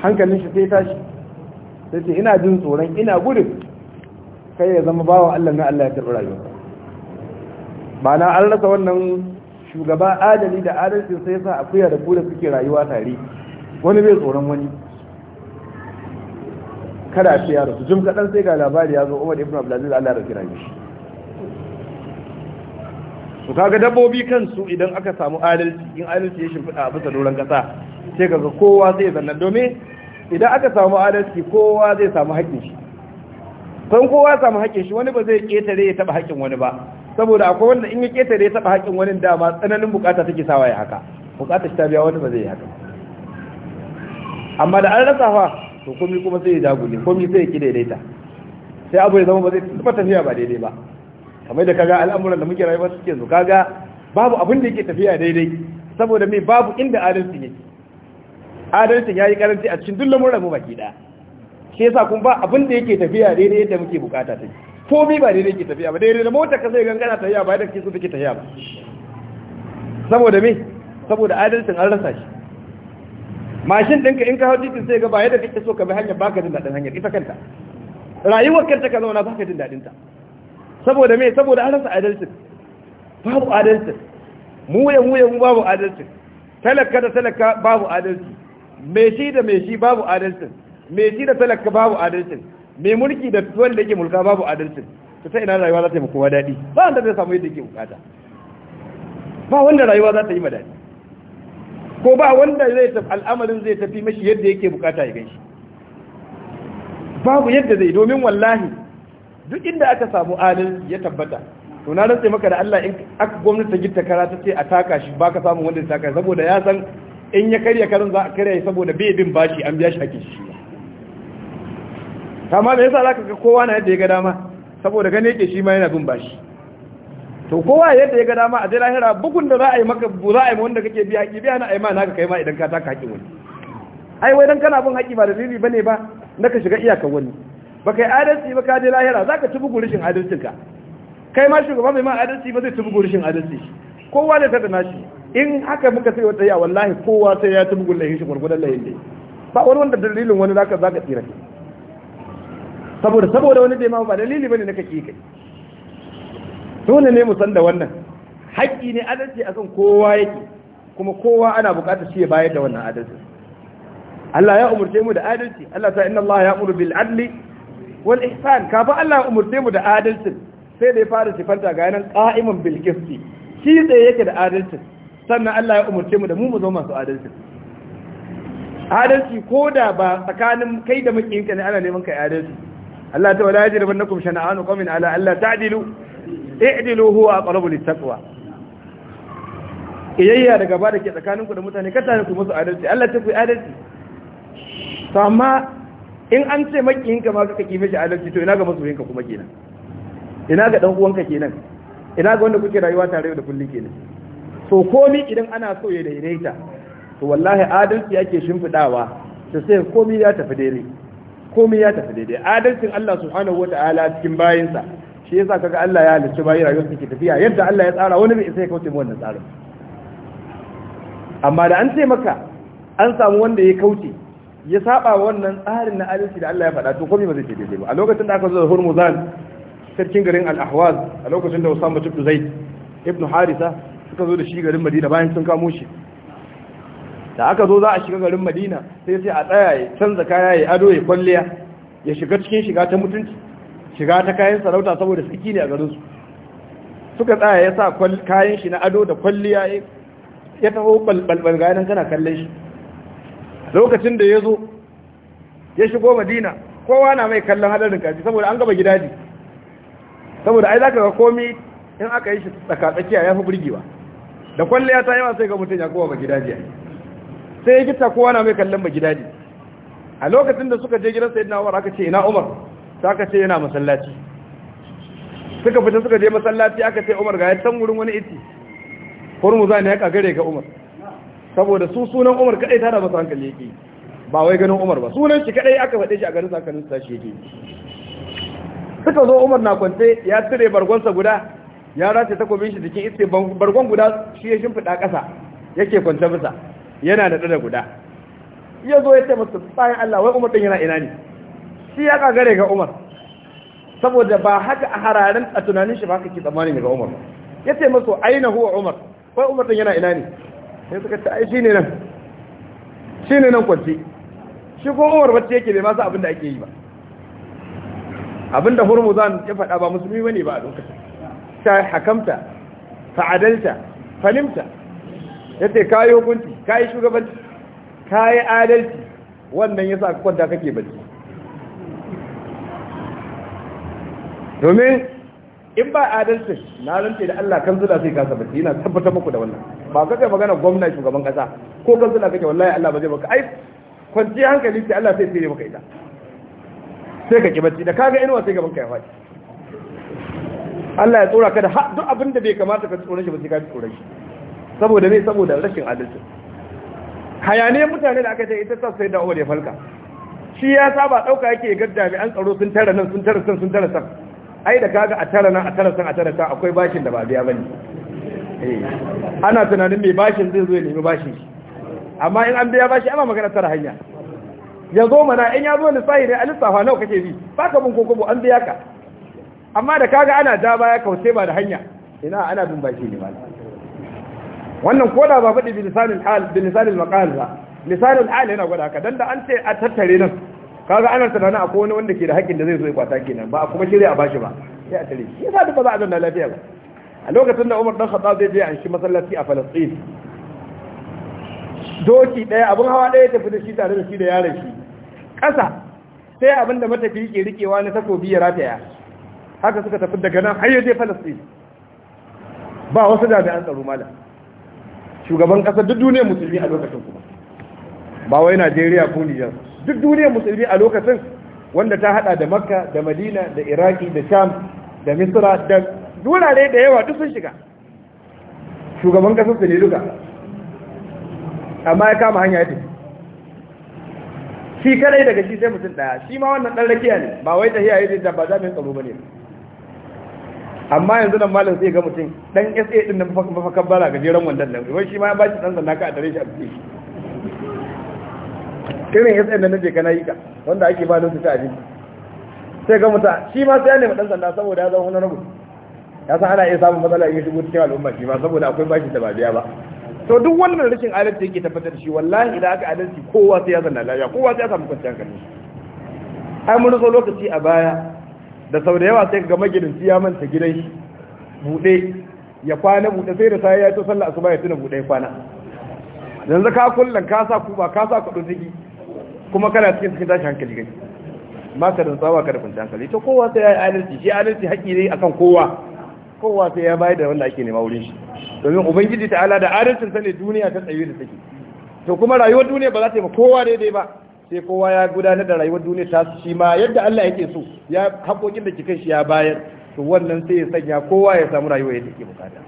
Speaker 1: hankalin shi sai tashi sai ce ina jin tsoron ina gudun kai ya zama bawa Allah na Allah ya karɓi rayuwa ba na an rasa wannan shugaba adali da adalcin sai sa akuya da kura suke rayuwa tare wani bai tsoron wani kada a ce yaro jim kaɗan sai ga labari ya zo umar ibn abdulaziz Allah ya rafi shi to kaga dabbobi kansu idan aka samu adalci in adalci ya shimfiɗa a bisa doron ƙasa sai kaga kowa zai zanna domin idan aka samu adalci kowa zai samu haƙƙin shi kan kowa samu haƙƙin shi wani ba zai ƙetare ya taɓa haƙƙin wani ba saboda akwai wanda in ya ƙetare ya taɓa haƙƙin wani dama tsananin bukata take sawa ya haka bukata shi ta biya wani ba zai yi haka amma da an rasa fa to komai kuma sai ya dagule komai sai ya ki daidaita sai abu ya zama ba zai taɓa tafiya ba daidai ba kamar da kaga al'amuran da muke rayuwa suke zo kaga babu abin da yake tafiya daidai saboda me babu inda adalci ne adalcin yayi karanci a cikin dukkan lamuran mu baki da shi yasa kun ba abin da yake tafiya daidai yadda muke bukata take komai ba daidai yake tafiya ba daidai da mota ka sai gangana tafiya ba da kike so take tafiya ba saboda me saboda adalcin an rasa shi mashin ɗinka in ka hau titin sai ga ba yadda kake so ka bi hanyar baka jin daɗin hanyar ita kanta rayuwar kanta ka zauna baka jin daɗin ta saboda me saboda an rasa adalci babu adalci mu ya mu ya mu babu adalci talaka da talaka babu adalci me shi da me shi babu adalci me shi da talaka babu adalci me mulki da wanda yake mulka babu adalci ta ta ina rayuwa za ta yi kowa daɗi ba wanda zai samu yadda yake bukata ba wanda rayuwa za ta yi madadi ko ba wanda zai tafi al'amarin zai tafi mashi yadda yake bukata ya ganshi babu yadda zai domin wallahi duk inda aka samu adalci ya tabbata to na rantse maka da Allah in aka gwamnati ta gitta kara ta ce a taka shi baka samu wanda ya taka saboda ya san in ya karya karin za a karya saboda bai bin bashi an biya shi ake shi kama da yasa zaka ga kowa na yadda ya ga dama saboda gane yake shi ma yana bin bashi to kowa yadda ya ga dama a dai lahira bugun da za a yi maka bu za a yi wanda kake biya ki biya na ai ma naka kai ma idan ka taka hakkin wani ai wai dan kana bin haƙi ba da dalili bane ba naka shiga iyakar wani ba kai adalci ba ka je lahira za ka ci gurishin adalcinka kai ma shugaban mai ma adalci ba zai ci gurishin adalci kowa ne ta da nashi in haka muka sai wata ya wallahi kowa sai ya ci gurishin shi gurgudan lahin dai ba wani wanda dalilin wani za zaka tsira saboda saboda wani dai, ma ba dalili ne na kake kai dole ne mu san da wannan haƙƙi ne adalci akan kowa yake kuma kowa ana buƙatar shi ya bayar da wannan adalci Allah ya umurce mu da adalci Allah ta inna Allah ya umuru bil adli wal ihsan kafin Allah umurce mu da adalci sai da ya fara sifanta ga yanan qa'imun bil qisti shi sai yake da adalci sannan Allah ya umurce mu da mu mu zo masu adalci adalci ko da ba tsakanin kai da makiyinka ne ana neman kai adalci Allah ta wala yajri annakum shana'anu qawmin ala alla ta'dilu i'dilu huwa aqrabu taqwa iyayya daga ba da ke tsakaninku da mutane kada ku musu adalci Allah ta ku adalci to amma in an ce makiyinka ma kaka kime shi adalci to ina ga masoyinka kuma kenan ina ga dan uwanka kenan ina ga wanda kuke rayuwa tare da kullum kenan to komi idan ana so ya daidaita to wallahi adalci yake shimfidawa to sai komi ya tafi daidai komi ya tafi daidai adalcin Allah subhanahu wataala cikin bayinsa shi yasa kaga Allah ya halicci bayin rayuwar take tafiya yadda Allah ya tsara wani bai sai ya kauce wannan tsarin amma da an ce maka an samu wanda ya kauce ya saba wannan tsarin na adalci da Allah ya faɗa to komai ba zai ce daidai ba a lokacin da aka zo da Hormuzan sarkin garin Al-Ahwaz a lokacin da Usama ibn Zaid ibn Harisa suka zo da shi garin Madina bayan sun kamo shi da aka zo za a shiga garin Madina sai sai a tsaya ya canza kaya ya ado ya kwalliya ya shiga cikin shiga ta mutunci shiga ta kayan sarauta saboda tsaki ne a garin su suka tsaya ya sa kayan shi na ado da kwalliya ya taho ga ganin kana kallon shi lokacin da ya zo ya shigo madina kowa na mai kallon hadarin kaji saboda an gaba gidaji saboda ai zaka ga komi in aka yi shi tsaka tsakiya ya fi burgewa da kwalliya ta yawa sai ga mutum ya kowa ba gidaji sai ya gita kowa na mai kallon ba gidaji a lokacin da suka je gidan sayyidina Umar aka ce ina Umar sai aka ce yana masallaci suka fita suka je masallaci aka ce Umar ga ya can wurin wani iti hurmuza ne ya kagare ga Umar saboda su sunan umar kadai ta da masa hankali yake ba wai ganin umar ba sunan shi kadai aka faɗe shi a garin sakanin sa shi yake suka zo umar na kwance ya tire bargonsa guda ya race takobin shi jikin iske bargon guda shi ya shimfiɗa ƙasa yake kwance bisa yana da ɗada guda ya zo ya ce masu bayan Allah wai umar ɗin yana ina ne shi ya kagare ga umar saboda ba haka a hararen a tunanin shi ba haka ke tsammani ga umar ya ce masu ainihu wa umar wai umar ɗin yana ina ne sai suka ce ai ne nan ne nan kwance shi ko Umar bacci yake bai masu abinda da ake yi ba abinda da zan ya faɗa ba musulmi wani ba a lokacin ta hakamta adalta falimta ka yi hukunci ka yi shugabanci ka yi adalci wannan ya ka kwanta kake bacci domin in ba adalci na rantse da Allah kan zula sai kasa bace ina tabbatar muku da wannan ba kake magana gwamnati shugaban kasa ko kan zula kake wallahi Allah ba zai baka ai kwanci hankali sai Allah sai tsire maka ita sai ka kibaci da kaga inuwa sai gaban ka ya faɗi Allah ya tsora ka da duk abin da bai kamata ka tsora shi ba sai ka tsora shi saboda me saboda rashin adalci hayaniyar mutane da aka ce ita sa sai da Umar ya falka shi ya saba dauka yake ga jami'an tsaro sun tara nan sun tara san sun tara san ai da kaga a tara nan a tara san a tara san akwai bashin da ba biya bane eh ana tunanin mai bashin zai zo ya nemi bashin shi amma in an biya bashi amma magana tara hanya ya zo mana in ya zo ni sai ne a lissafa nawa kake bi baka mun kokobo an biya ka amma da kaga ana da baya kaushe ba da hanya ina ana bin bashi ne mallam wannan ko da ba bi bilisanil hal bilisanil maqal ba lisanil hal yana gwada ka, dan da an ce a tattare nan kaga ana tunanin akwai wani wanda ke da haƙƙin da zai zo ya kwata kenan ba kuma shirya a bashi ba sai a tare shi yasa duk ba za a zanna lafiya ba a lokacin da Umar dan Khattab zai je an shi masallaci a Palestine doki ɗaya abun hawa ɗaya ta da shi tare da shi da yaron shi ƙasa sai abin da matafi ke rikewa na takobi ya rataya haka suka tafi daga nan har ya je Palestine ba wasu jami'an tsaro malam shugaban ƙasa duk duniyar musulmi a lokacin kuma ba wai Najeriya ko Nijar duk duniyar musulmi a lokacin wanda ta hada da makka da madina da iraki da sham da misra da wurare da yawa duk sun shiga shugaban kasar su ne duka amma ya kama hanya ya shi kadai daga shi sai mutum daya shi ma wannan dan rakiya ne ba wai tahiya yayin da ba za mu yi tsaro bane amma yanzu nan malam sai ga mutum dan SA din nan mafakan bala gajeren wannan nan wai shi ma ya ba shi dan zanna ka a dare shi a cikin irin ya tsaye da naje kana yi ka wanda ake ba lokaci a jiki sai ga mutum shi ma sai ya nemi dan sanda saboda ya zama wani rubutu ya san ana iya samun matsala in shigo cikin al'umma shi ma saboda akwai bashi da babiya ba to duk wannan rashin adalci yake tabbatar shi wallahi idan aka adalci kowa sai ya zanna lafiya kowa sai ya samu kwanciyar hankali ai mun so lokaci a baya da sau da yawa sai ga magidanci ya manta gidan shi bude ya kwana bude sai da sai ya to sallah asuba ya tuna bude kwana yanzu ka kullun ka sa kuba ka sa kudin zigi kuma kana cikin cikin tashi hankali gani ba ka da tsawa ka da kwanci hankali to kowa sai ya yi adalci shi adalci haƙƙi ne akan kowa kowa sai ya bayar da wanda ake nema wurin shi domin ubangiji ta'ala da adalcin sa ne duniya ta tsaye da take to kuma rayuwar duniya ba za ta yi ma kowa daidai ba sai kowa ya gudanar da rayuwar duniya ta shi ma yadda Allah yake so ya haƙoƙin da kikan shi ya bayar to wannan sai ya sanya kowa ya samu rayuwa yadda yake bukata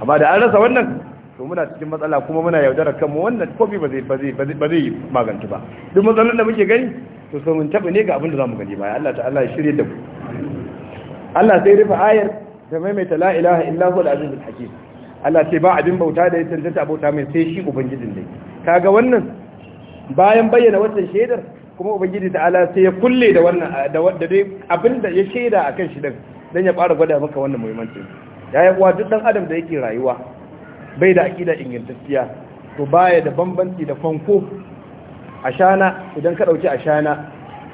Speaker 1: amma da an rasa wannan to muna cikin matsala kuma muna yaudara kanmu wannan kofi ba zai ba zai ba zai maganta ba duk matsalolin da muke gani to so mun tabe ne ga abin da zamu gani baya Allah ta'ala ya shirye da mu Allah sai rufe ayar da maimaita la ilaha illa huwa al-aziz al-hakim Allah sai ba abin bauta da ya tantance abota mai sai shi ubangijin ne kaga wannan bayan bayyana wannan shaidar kuma ubangiji ta'ala sai ya kulle da wannan da dai abin da ya shaida akan shi din dan ya fara gwada maka wannan muhimmanci yayin uwa duk dan adam da yake rayuwa bai da aƙida ingantacciya to baya da bambanci da fanko ashana idan ka ɗauki ashana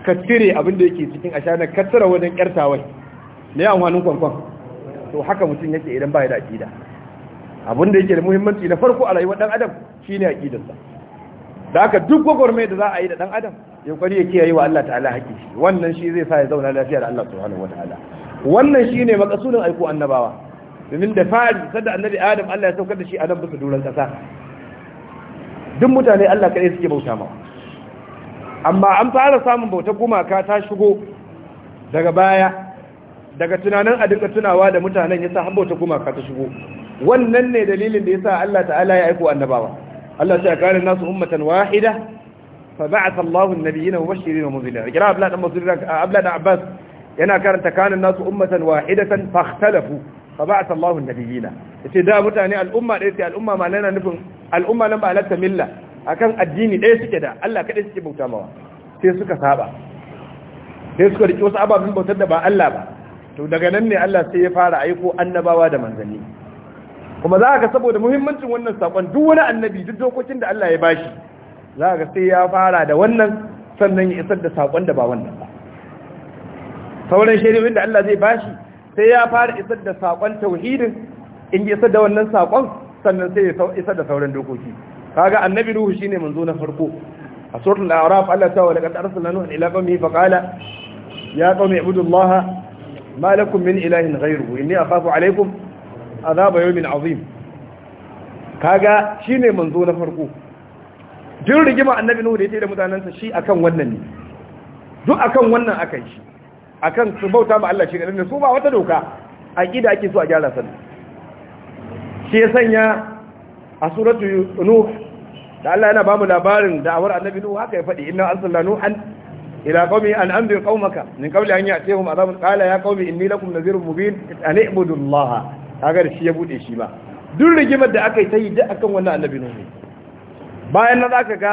Speaker 1: ka tire abin da yake cikin ashana ka tsira wajen ƙyartawai ne wani kwankwan to haka mutum yake idan baya da aƙida abin da yake da muhimmanci na farko a rayuwar ɗan adam shine aƙidarsa da haka duk gwagwarmai da za a yi da ɗan adam ya kwari ya kiyaye wa Allah ta'ala haƙi wannan shi zai sa ya zauna lafiya da Allah subhanahu wataala wannan shine makasudin aiko annabawa domin da fari sadda annabi adam Allah ya saukar da shi a nan bisa duran ƙasa duk mutane Allah kaɗai suke bauta ma amma an fara samun bauta gumaka ta shigo daga baya daga tunanin a duka tunawa da mutanen ya sa an bauta gumaka ta shigo wannan ne dalilin da ya sa Allah ta'ala ya aiko annabawa Allah ya kare nasu ummatan wahida fa ba'atha Allahu an-nabiyina mubashirin wa mudhirin kira abla dan abla dan abbas yana karanta kana nasu ummatan wahidatan fahtalafu fa ba'atha Allahu nabiyina yace da mutane al'umma dai sai al'umma ma lana nufin al'umma nan ba alatta milla akan addini dai suke da Allah kaɗai suke bauta mawa sai suka saba sai suka riƙe wasu ababin bautar da ba Allah ba to daga nan ne Allah sai ya fara aiko annabawa da manzanni kuma za ka saboda muhimmancin wannan sakon duk wani annabi duk dokokin da Allah ya bashi za ka sai ya fara da wannan sannan ya isar da sakon da ba wannan ba sauran shari'o'in da Allah zai bashi sai ya fara isar da saƙon tauhidin in yi isar da wannan saƙon sannan sai ya isar da sauran dokoki kaga annabi nuhu shine manzo na farko a suratul a'raf Allah ta wa laqad arsalna nuhan ila qaumihi fa qala ya qaumi ibudullaha ma lakum min ilahin ghayruhu inni akhafu alaykum azab yawmin azim kaga shine manzo na farko jin rigima annabi nuhu da yake da mutanansa shi akan wannan ne duk akan wannan akai shi akan su bauta ma Allah shi ga da su ba wata doka a kida ake so a gyara san shi ya sanya a suratu nuh da Allah yana bamu labarin da awar annabi nuh haka ya fadi inna arsalna nuhan ila qaumi an anzir qaumaka min qabli an ya'tihum adhabun qala ya qaumi inni lakum nadhirun mubin an ibudu Allah kaga shi ya bude shi ba duk rigimar da aka yi ta yi duk akan wannan annabi nuh bayan nan zaka ga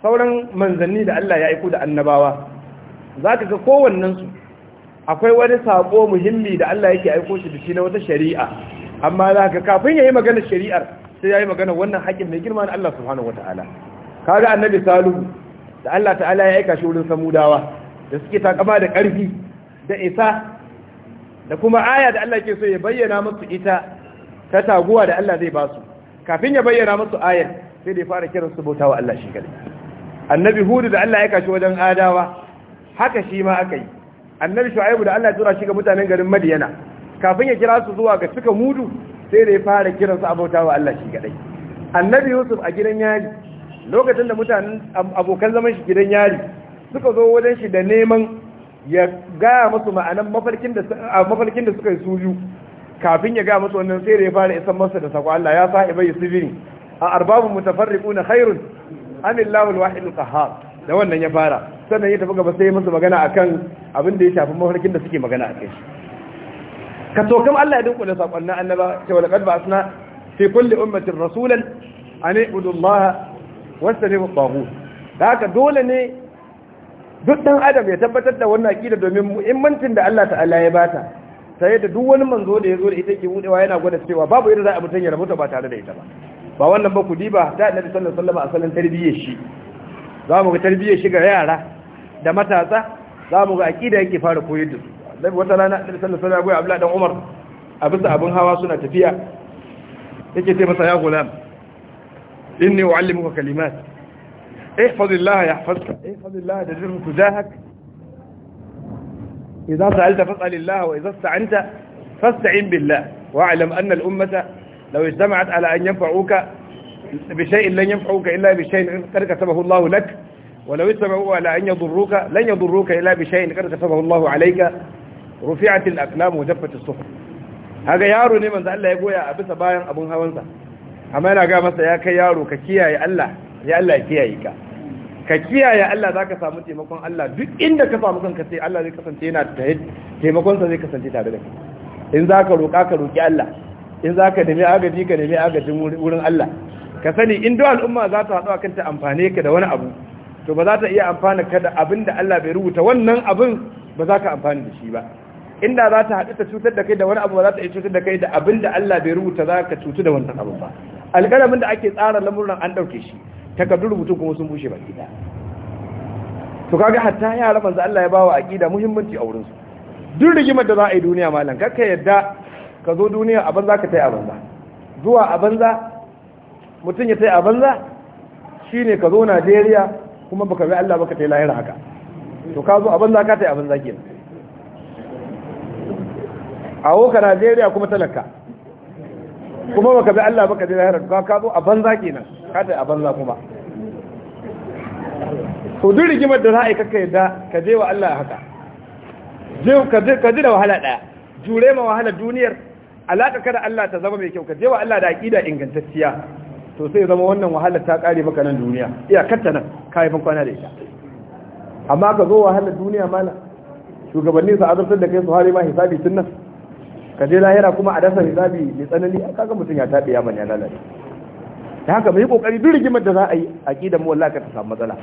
Speaker 1: sauran manzanni da Allah ya aiko da annabawa zaka ga kowannen su akwai wani sako muhimmi da Allah yake aiko shi da shi na wata shari'a amma za ka kafin ya yi magana shari'ar sai ya yi magana wannan haƙin mai girma na Allah subhanahu wata'ala kaga annabi salihu da Allah ta'ala ya aika shi wurin samudawa da suke takama da ƙarfi da isa da kuma aya da Allah ke so ya bayyana musu ita ta taguwa da Allah zai ba su kafin ya bayyana musu ayar sai da ya fara kiran su bautawa Allah shi kadai annabi hudu da Allah ya aika shi wajen adawa haka shi ma aka yi annabi shu'aibu da Allah ya tura shi ga mutanen garin madiyana kafin ya kira su zuwa ga cika mudu sai da ya fara kiran su abauta wa Allah shi kadai annabi yusuf a gidan yari lokacin da mutanen abokan zaman shi gidan yari suka zo wajen shi da neman ya gaya musu ma'anan mafarkin da mafarkin da suka yi suju kafin ya gaya musu wannan sai da ya fara isan masa da sako Allah ya sa ibai sibiri a arbabu mutafarriquna khairun amillahu alwahidul qahhar da wannan ya fara sannan ya tafi gaba sai masu magana akan abin da ya shafi mafarkin da suke magana a kai. ka to kam Allah ya dinkula sakonnin annaba cewa laqad ba'asna fi kulli ummatin rasulan an ibudu wasta ne babu da haka dole ne duk ɗan adam ya tabbatar da wannan aƙida domin mu'immancin da Allah ta'ala ya bata sai da duk wani manzo da ya zo da ita ke wa yana gwada cewa babu irin za a mutun ya rabuta ba tare da ita ba ba wannan ba ku diba ta annabi sallallahu alaihi wasallam a salon tarbiyyar shi za mu ga tarbiyyar shi ga yara da matasa za mu ga aƙida yake fara koyar da su annabi wata rana annabi sallallahu alaihi wasallam ya dan Umar a bisa abin hawa suna tafiya yake ce masa ya gulam inni uallimuka kalimat ku yahfazka haka tajidhu tujahak idza sa'alta fas'alillah wa idza ista'anta fasta'in billah wa'lam anna al-ummata law ijtama'at ala an yanfa'uka بشيء لن ينفعك إلا بشيء قد كتبه الله لك ولو اتبعوا على ان يضروك لن يضروك الا بشيء قد كتبه الله عليك رفعت الاقلام وجفت الصحف هذا يارو ne manzo Allah ya goya a bisa bayan abun hawansa amma yana ga masa ya kai yaro ka kiyaye Allah ya Allah kiyaye ka ka kiyaye Allah zaka samu taimakon Allah duk inda ka samu kanka sai Allah zai kasance yana taimakon sa zai kasance tare da kai in zaka roka ka roki Allah in zaka nemi agaji ka nemi agajin wurin Allah ka sani in duk al'umma za ta hadu akan ta amfane ka da wani abu to ba za ta iya amfana kada da abin da Allah bai rubuta wannan abin ba za ka amfani da shi ba inda za ta haɗu ta cutar da kai da wani abu ba za ta iya cutar da kai da abin da Allah bai rubuta za ka cutu da wannan abu ba alƙalamin da ake tsara lamuran an ɗauke shi takardun rubutu kuma sun bushe ba ɗaya to kaga hatta yara manzo Allah ya bawa aqida muhimmanci a wurin su duk rigimar da za a yi duniya malam kakka yadda ka zo duniya a banza ka tai a banza zuwa a banza mutum ya tai a banza shine ka zo Najeriya kuma baka bi Allah baka tai lahira haka to ka zo abin zaka tai abin zaki a woka Najeriya kuma talaka kuma baka bi Allah baka tai lahira ka ka zo abin zaki nan ka tai abin zaki kuma to duk rigimar da za a yi kaka yadda ka je wa Allah haka je ka ji da wahala daya jure ma wahala duniyar alaka kada Allah ta zama mai kyau ka je wa Allah da aqida ingantacciya to sai zama wannan wahalar ta kare maka nan duniya katta nan kayi ban kwana da ita amma ka zo wahalar duniya mala shugabanni su azabtar da kai su hare ma hisabi tun nan ka je lahira kuma a dasa hisabi mai tsanani a kaga mutum ya taɓe ya manya lalace da haka mu kokari duk rigimar da za a yi aqidar mu wallahi ka ta samu matsala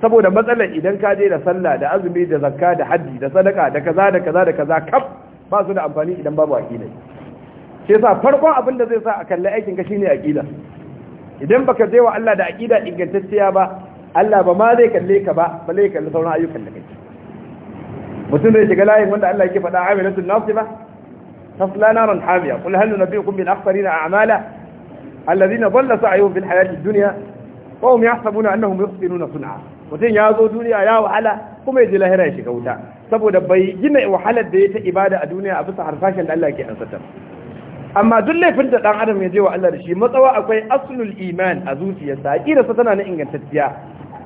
Speaker 1: saboda matsalar idan ka je da sallah da azumi da zakka da haji da sadaka da kaza da kaza da kaza kaf ba su da amfani idan babu aqida sai sa farkon abin da zai sa a kalli aikin ka shine aqida idan baka je wa Allah da aqida ingantacciya ba Allah ba ma zai kalle ka ba ba zai kalle sauran ayyukan da kake mutum zai shiga layin wanda Allah yake faɗa amilatul nasiba tasla naran hamiya qul hal nunabbiukum bil akhsarina a'mala alladhina dhalla sa'yuhum fil hayati dunya wa hum yahsabuna annahum yuhsinuna sun'a mutum ya zo duniya ya wahala kuma ya je lahira ya shiga wuta saboda bai gina wahalar da ya ta ibada a duniya a bisa harfashin da Allah yake ansata amma duk laifin da dan adam ya je wa Allah da shi matsawa akwai aslul iman a zuciyarsa akida sa tana na ingantacciya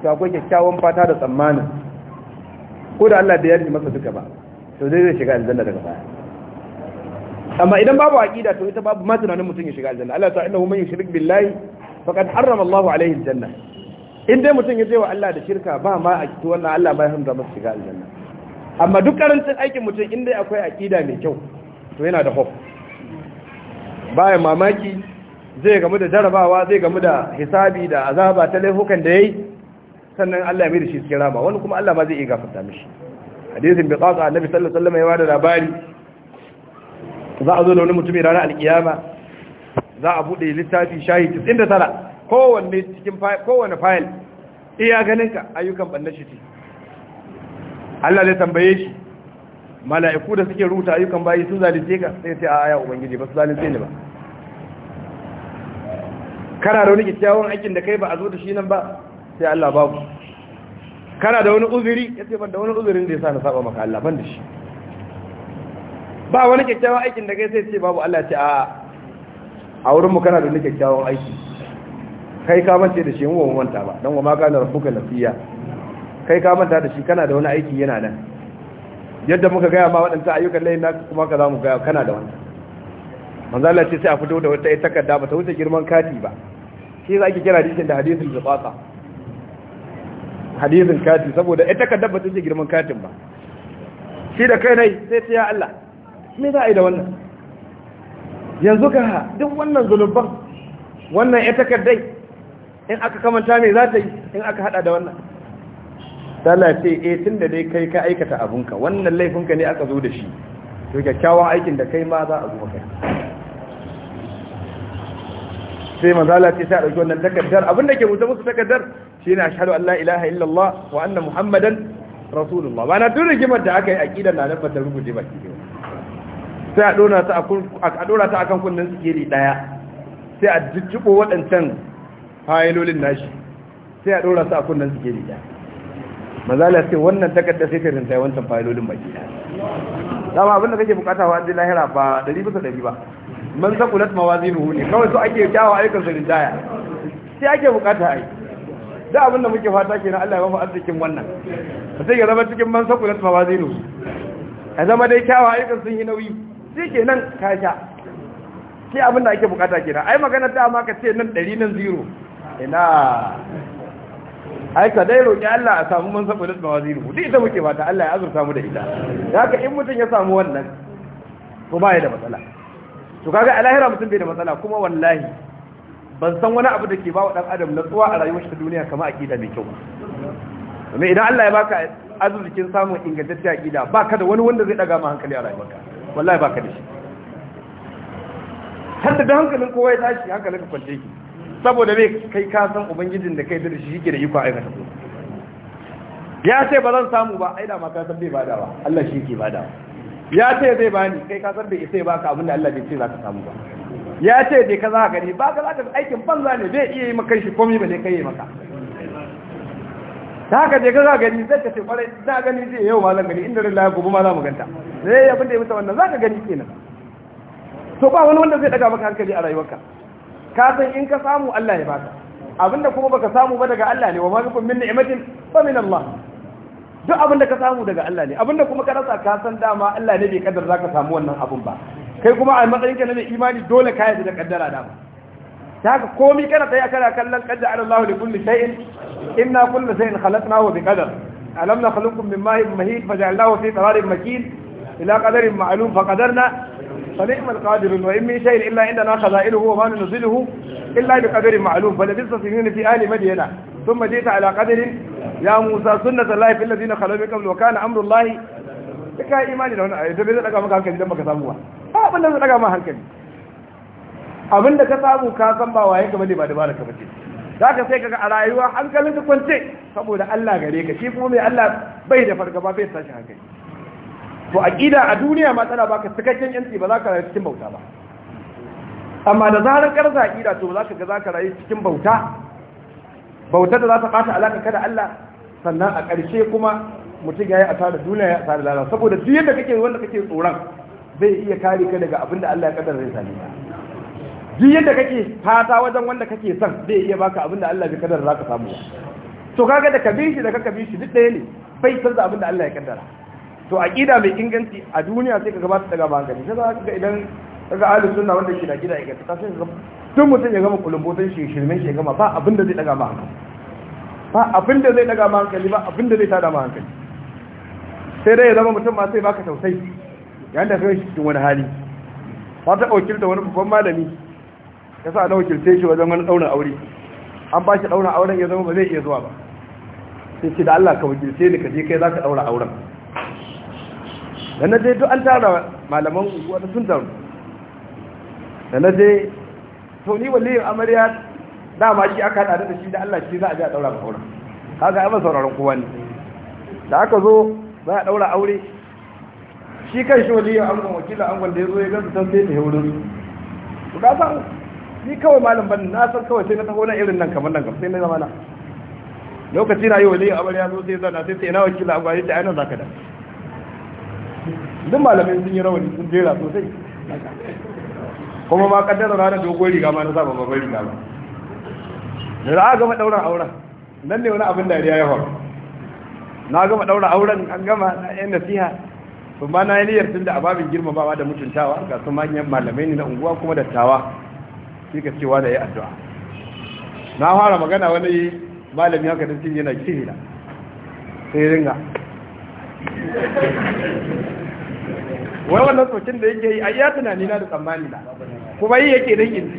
Speaker 1: to akwai kyakkyawan fata da tsammanin ko da Allah bai yarda masa duka ba to dai zai shiga aljanna daga baya amma idan babu aqida to ita babu ma tunanin mutum ya shiga aljanna Allah ta innahu man yushrik billahi faqad harrama Allahu alaihi aljanna in dai mutum ya je wa Allah da shirka ba ma a to wannan Allah bai hamza masa shiga aljanna amma duk karancin aikin mutum in dai akwai aqida mai kyau to yana da hope baya mamaki zai gamu da jarabawa zai gamu da hisabi da azaba ta laifukan da yayi sannan Allah ya mai da shi cikin rama wani kuma Allah ma zai iya gafarta mishi hadisin bi qasa annabi sallallahu alaihi wasallam ya bada labari za a zo da wani mutum yana ranar alkiyama za a bude littafi shahi 99 kowanne cikin kowanne file iya ganinka ayyukan bannan shi Allah zai tambaye shi mala'iku da suke rubuta ayyukan bayi sun zalice ka sai sai a aya ubangiji ba su zalunce ni ba kana da wani kyakkyawan aikin da kai ba a zo da shi nan ba sai Allah ba ku. kana da wani uzuri ya ce ban da wani uzurin da ya sa na saba maka Allah ban da shi ba wani kyakkyawan aikin da kai sai ce babu Allah ce a a wurin mu kana da wani kyakkyawan aiki kai ka mance da shi mu ba mu manta ba don wa ma kana rabbuka lafiya kai ka manta da shi kana da wani aiki yana nan yadda muka gaya ma waɗanta ayyukan layin naka kuma ka za mu gaya kana da wanda manzala ce sai a fito da wata ya takarda ba ta wuce girman kati ba shi za ake kira hadisin da hadisin tsatsa hadisin kati saboda ya takarda ba ta wuce girman katin ba shi da kai nai sai ta ya Allah me za a yi da wannan yanzu ka duk wannan zulubban wannan ya takardai in aka kamanta me za ta yi in aka hada da wannan Allah ce eh, tun da dai kai ka aikata abunka wannan laifinka ne aka zo da shi to kyakkyawan aikin da kai ma za a zo kai sai mazala ce a ɗauki wannan takaddar abin da ke mutu musu takaddar ne a an Allah ilaha illallah wa anna muhammadan rasulullah ba na duk rigimar da aka yi aqida na nan bata rubuce baki ɗaya sai a dora ta a kan ta akan kunnen sikeli daya sai a jijjibo waɗancan fayilolin nashi sai a dora su a kunnen sikeli daya mazala sai wannan takarda sai ka rinta yawancin fayilolin baki dama abinda kake bukata wa ajin lahira ba dari bisa dari ba man sakulat mawazinuhu ne kawai su ake kyawa aikin su rinjaya sai ake bukata ai da abinda muke fata kenan Allah ya bamu arzikin wannan sai ya zama cikin man sakulat mawazinuhu Ka zama dai kyawa aikin sun yi nauyi sai kenan ka sha sai abinda ake bukata kenan ai magana ta ma ka ce nan dari nan zero ina ai ka dai roƙi Allah a samu man saboda mawaziru duk ita muke fata Allah ya azurta mu da ita haka in mutum ya samu wannan to ba ya da matsala to kaga alahira mutum bai da matsala kuma wallahi ban san wani abu da ke ba wa dan adam natsuwa a rayuwar ta duniya kamar akida mai kyau domin idan Allah ya baka azurkin samun ingantacciyar akida baka da wani wanda zai daga ma hankali a rayuwarka wallahi baka da shi har da hankalin kowa ya tashi hankalin ka kwance ki saboda mai kai ka san ubangijin da kai da shi ke da iko aikata ko ya ce ba zan samu ba aida da ma ka san bai bada ba Allah shi ke bada ya ce zai bani kai ka san bai sai baka abin da Allah bai ce za ka samu ba ya ce dai ka za ka gani ba ka za ka aikin banza ne bai iya yi maka shi komai ba ne kai yi maka ta haka je ka za gani zai ka ce kwarai za gani zai yau ma zan gani inda rin lafi gobe ma za mu ganta zai eh, abin da ya mutu wannan za ka gani kenan to ba wani wanda zai daga maka hankali a rayuwarka ka san in ka samu Allah ya baka abinda kuma baka samu ba daga Allah ne wa ma bikum min ni'matin fa min Allah duk abinda ka samu daga Allah ne abinda kuma ka rasa ka san dama Allah ne bai kaddara zaka samu wannan abun ba kai kuma a matsayin ka na mai imani dole ka yi da kaddara dama haka komai kana tsaye kana kallon qadda Allah li kulli shay'in inna kullu shay'in khalaqnahu bi qadar alam nakhluqukum min ma'in mahin faj'alnahu fi qararin makin ila qadarin ma'lum faqadarna فنعم القادر وإن من شيء إلا عندنا خزائنه وما ننزله إلا بقدر معلوم فلبثت سنين في آل مدينة ثم جئت على قدر يا موسى سنة الله في الذين خلوا من وكان أمر الله ka imani da wani a yanzu bai zai daga maka hankali don baka samu ba abin da zai daga ma hankali abin da ka samu ka san ba waye ka ba da ba da ka za ka sai a rayuwa hankalin ka kwance saboda Allah gare ka shi kuma mai Allah bai da fargaba bai tashi hankali to aqida a duniya ma tana baka cikakken yanci ba za ka rayu cikin bauta ba amma da zarar karza aqida to za ka ga za ka rayu cikin bauta bauta da za ta bata alaka kada Allah sannan a ƙarshe kuma mutum ya yi asara duniya ya asara lalata saboda duk yadda kake wanda kake tsoron zai iya kare ka daga abin da Allah ya kaddara zai same ka duk yadda kake fata wajen wanda kake son zai iya baka abin da Allah ya kaddara za ka samu to kaga da ka bi shi da ka bi shi duk ɗaya ne bai san abin da Allah ya kaddara to aqida mai inganci a duniya sai ka gabata daga bangare sai za ka idan kaga ahlus sunna wanda shi da aqida inganta ta sai ka tun mutum ya gama kulumbotan shi shirmen shi ya gama ba abin da zai daga ma hankali ba abin da zai daga ma hankali ba abin da zai tada ma hankali sai dai ya zama mutum ma sai baka tausayi yayin da kai cikin wani hali ba ta da wani babban malami ya sa na sai shi wajen wani ɗaunar aure an ba shi ɗaunar auren ya zama ba zai iya zuwa ba sai shi da Allah ka sai ni ka je kai za ka ɗaura auren da na je duk an tara malaman unguwa da sun taru da na je to ni yin amarya dama shi aka hada da shi da Allah shi za a ji a daura ga aure kaga ga ba sauraron kowa ne da aka zo za a daura aure shi kan shi waliyin angon wakilin angon da ya zo ya gansu ta sai ta haurin su ka san ni kawai malam ban na san kawai sai na taho na irin nan kamar nan sai na zama na lokaci na yi waliyin amarya zo sai zana sai sai ina wakilin angon ya ce ainihin nan zaka da duk malamai sun yi rawani sun jera sosai kuma ma kaddara rana dogon riga ma na sa babbar riga ba da za a gama dauran auren nan ne wani abin dariya ya faru na gama dauran auren an gama na yan nasiha sun ma na yi niyyar tun da ababin girmamawa da mutuntawa ga su manyan malamai ne na unguwa kuma dattawa shi ka cewa da ya addu'a na fara magana wani malami haka da cikin yana kihila sai ringa wai wannan tsokin da yake yi a ya tunani na da tsammani na kuma yi yake dan yin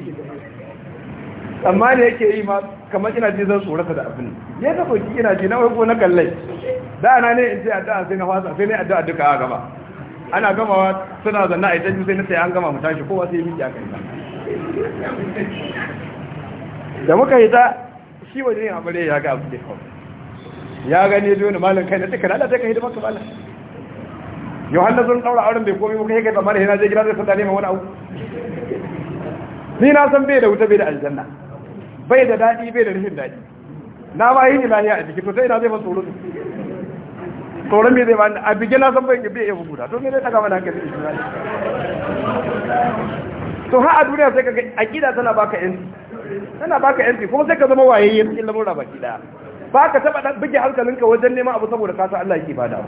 Speaker 1: tsammani yake yi ma kamar ina ji zan tsorata da abin ya ta tsoki ina ji na wai na kallai da ana ne in ce addu'a sai na fasa sai ne addu'a duka a gaba ana gamawa suna zanna a ita sai na sai an gama mu tashi kowa sai miki aka
Speaker 2: yi
Speaker 1: da muka yi ta shi wajen yin amare ya ga abu da ya gani dole malam kai na duka na da ta kai da maka malam yohanna sun daura auren bai komai kai kai tsammanin yana je gida zai fada neman wani abu ni na san bai da wuta bai da aljanna bai da daɗi bai da rashin daɗi na ba yi ni lahiya a jiki to sai ina zai fa tsoro tsoron bai zai ba a bige na san bai bai iya buguda to me zai daga mana hankali to ha a duniya sai kaga aqida tana baka yanci tana baka yanci kuma sai ka zama wayayye cikin lamura baki daya ba ka taba buge hankalinka wajen neman abu saboda ka san Allah yake bada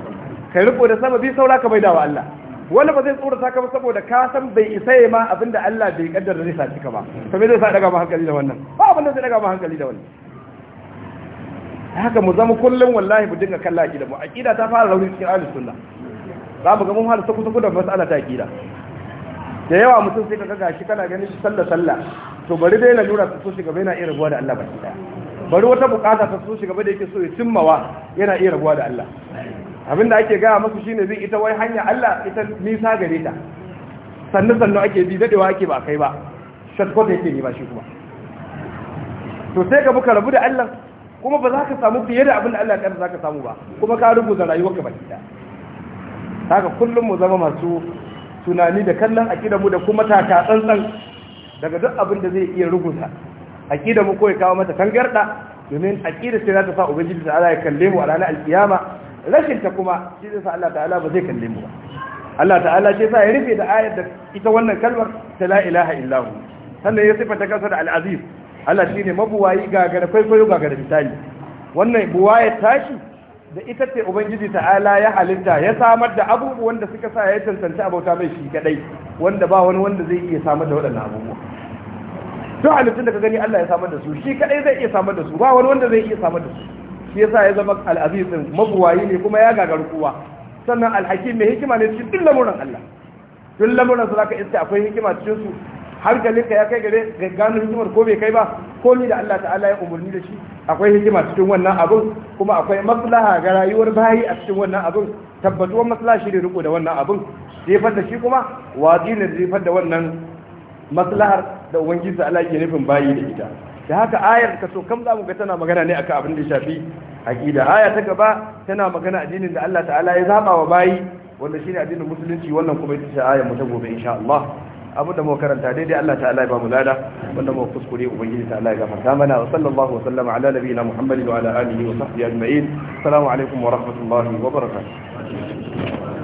Speaker 1: ka riko da bi saura ka baidawa Allah wani ba zai tsorata ka ba saboda ka san bai isa ya ma abinda Allah bai kaddara zai saci ka ba to me zai sa daga ma hankali da wannan ba abinda zai daga ma hankali da wannan haka mu zama kullum wallahi mu dinga kalla akida mu akida ta fara rauni cikin ahlus sunna za mu ga mun fara saku saku da mas'ala ta akida da yawa mutum sai ka gashi kana ganin shi sallah sallah to bari dai lura ta so shi gaba yana iya rabuwa da Allah ba daya bari wata bukata ta so shi gaba da yake so ya cimmawa yana iya rabuwa da Allah abin da ake gaya masu shine zai ita wai hanya Allah ita nisa gare ta sannu sannu ake bi dadewa ake ba kai ba shortcut yake ne ba shi kuma to sai ka buka rabu da Allah kuma ba za ka samu fiye da abin da Allah ya za ka samu ba kuma ka rubuta rayuwarka baki da haka kullum mu zama masu tunani da kallon akida mu da kuma taka tsantsan daga duk abin da zai iya rubuta akida mu ko ya kawo mata tangarda domin akidar sai za ta sa ubangiji ta Allah ya kalle mu a ranar alkiyama rashin ta kuma shi zai sa Allah ta'ala ba zai kalle mu ba Allah ta'ala ce sa ya rufe da ayar da ita wannan kalmar ta la ilaha illahu sannan ya sifata kansa da al-aziz Allah shine mabuwayi gagara kwaikwayo gagara misali wannan buwaye tashi da ita ce ubangiji ta'ala ya halitta ya samar da abubuwan da suka sa ya tantance abauta mai shi kadai wanda ba wani wanda zai iya samar da waɗannan abubuwa duk halittun da ka gani Allah ya samar da su shi kadai zai iya samar da su ba wani wanda zai iya samar da su shi yasa ya zama al-aziz din mabuwayi ne kuma ya gagar kowa sannan al-hakim mai hikima ne cikin lamuran Allah duk lamuran su zaka iska akwai hikima cikin su har hankalinka ya kai gare ga gano hikimar ko bai kai ba ko ni da Allah ta'ala ya umurni da shi akwai hikima cikin wannan abin kuma akwai maslaha ga rayuwar bayi a cikin wannan abin tabbatuwar maslaha shi ne riko da wannan abin jefar da shi kuma watsi ne jefar da wannan maslahar da ubangiji Allah ke nufin bayi da ita da haka ayar ka so kam za mu ga tana magana ne akan abin da shafi aqida aya ta gaba tana magana addinin da Allah ta'ala ya zaba wa bayi wanda shine addinin musulunci wannan kuma ita ce ayar mu ta gobe insha Allah da mu karanta daidai Allah ta'ala ya ba mu lada wanda mu kuskure ubangiji ta'ala ya gafarta mana wa sallallahu wa sallama ala nabiyina muhammadin wa ala alihi wa sahbihi ajma'in assalamu alaikum wa rahmatullahi wa barakatuh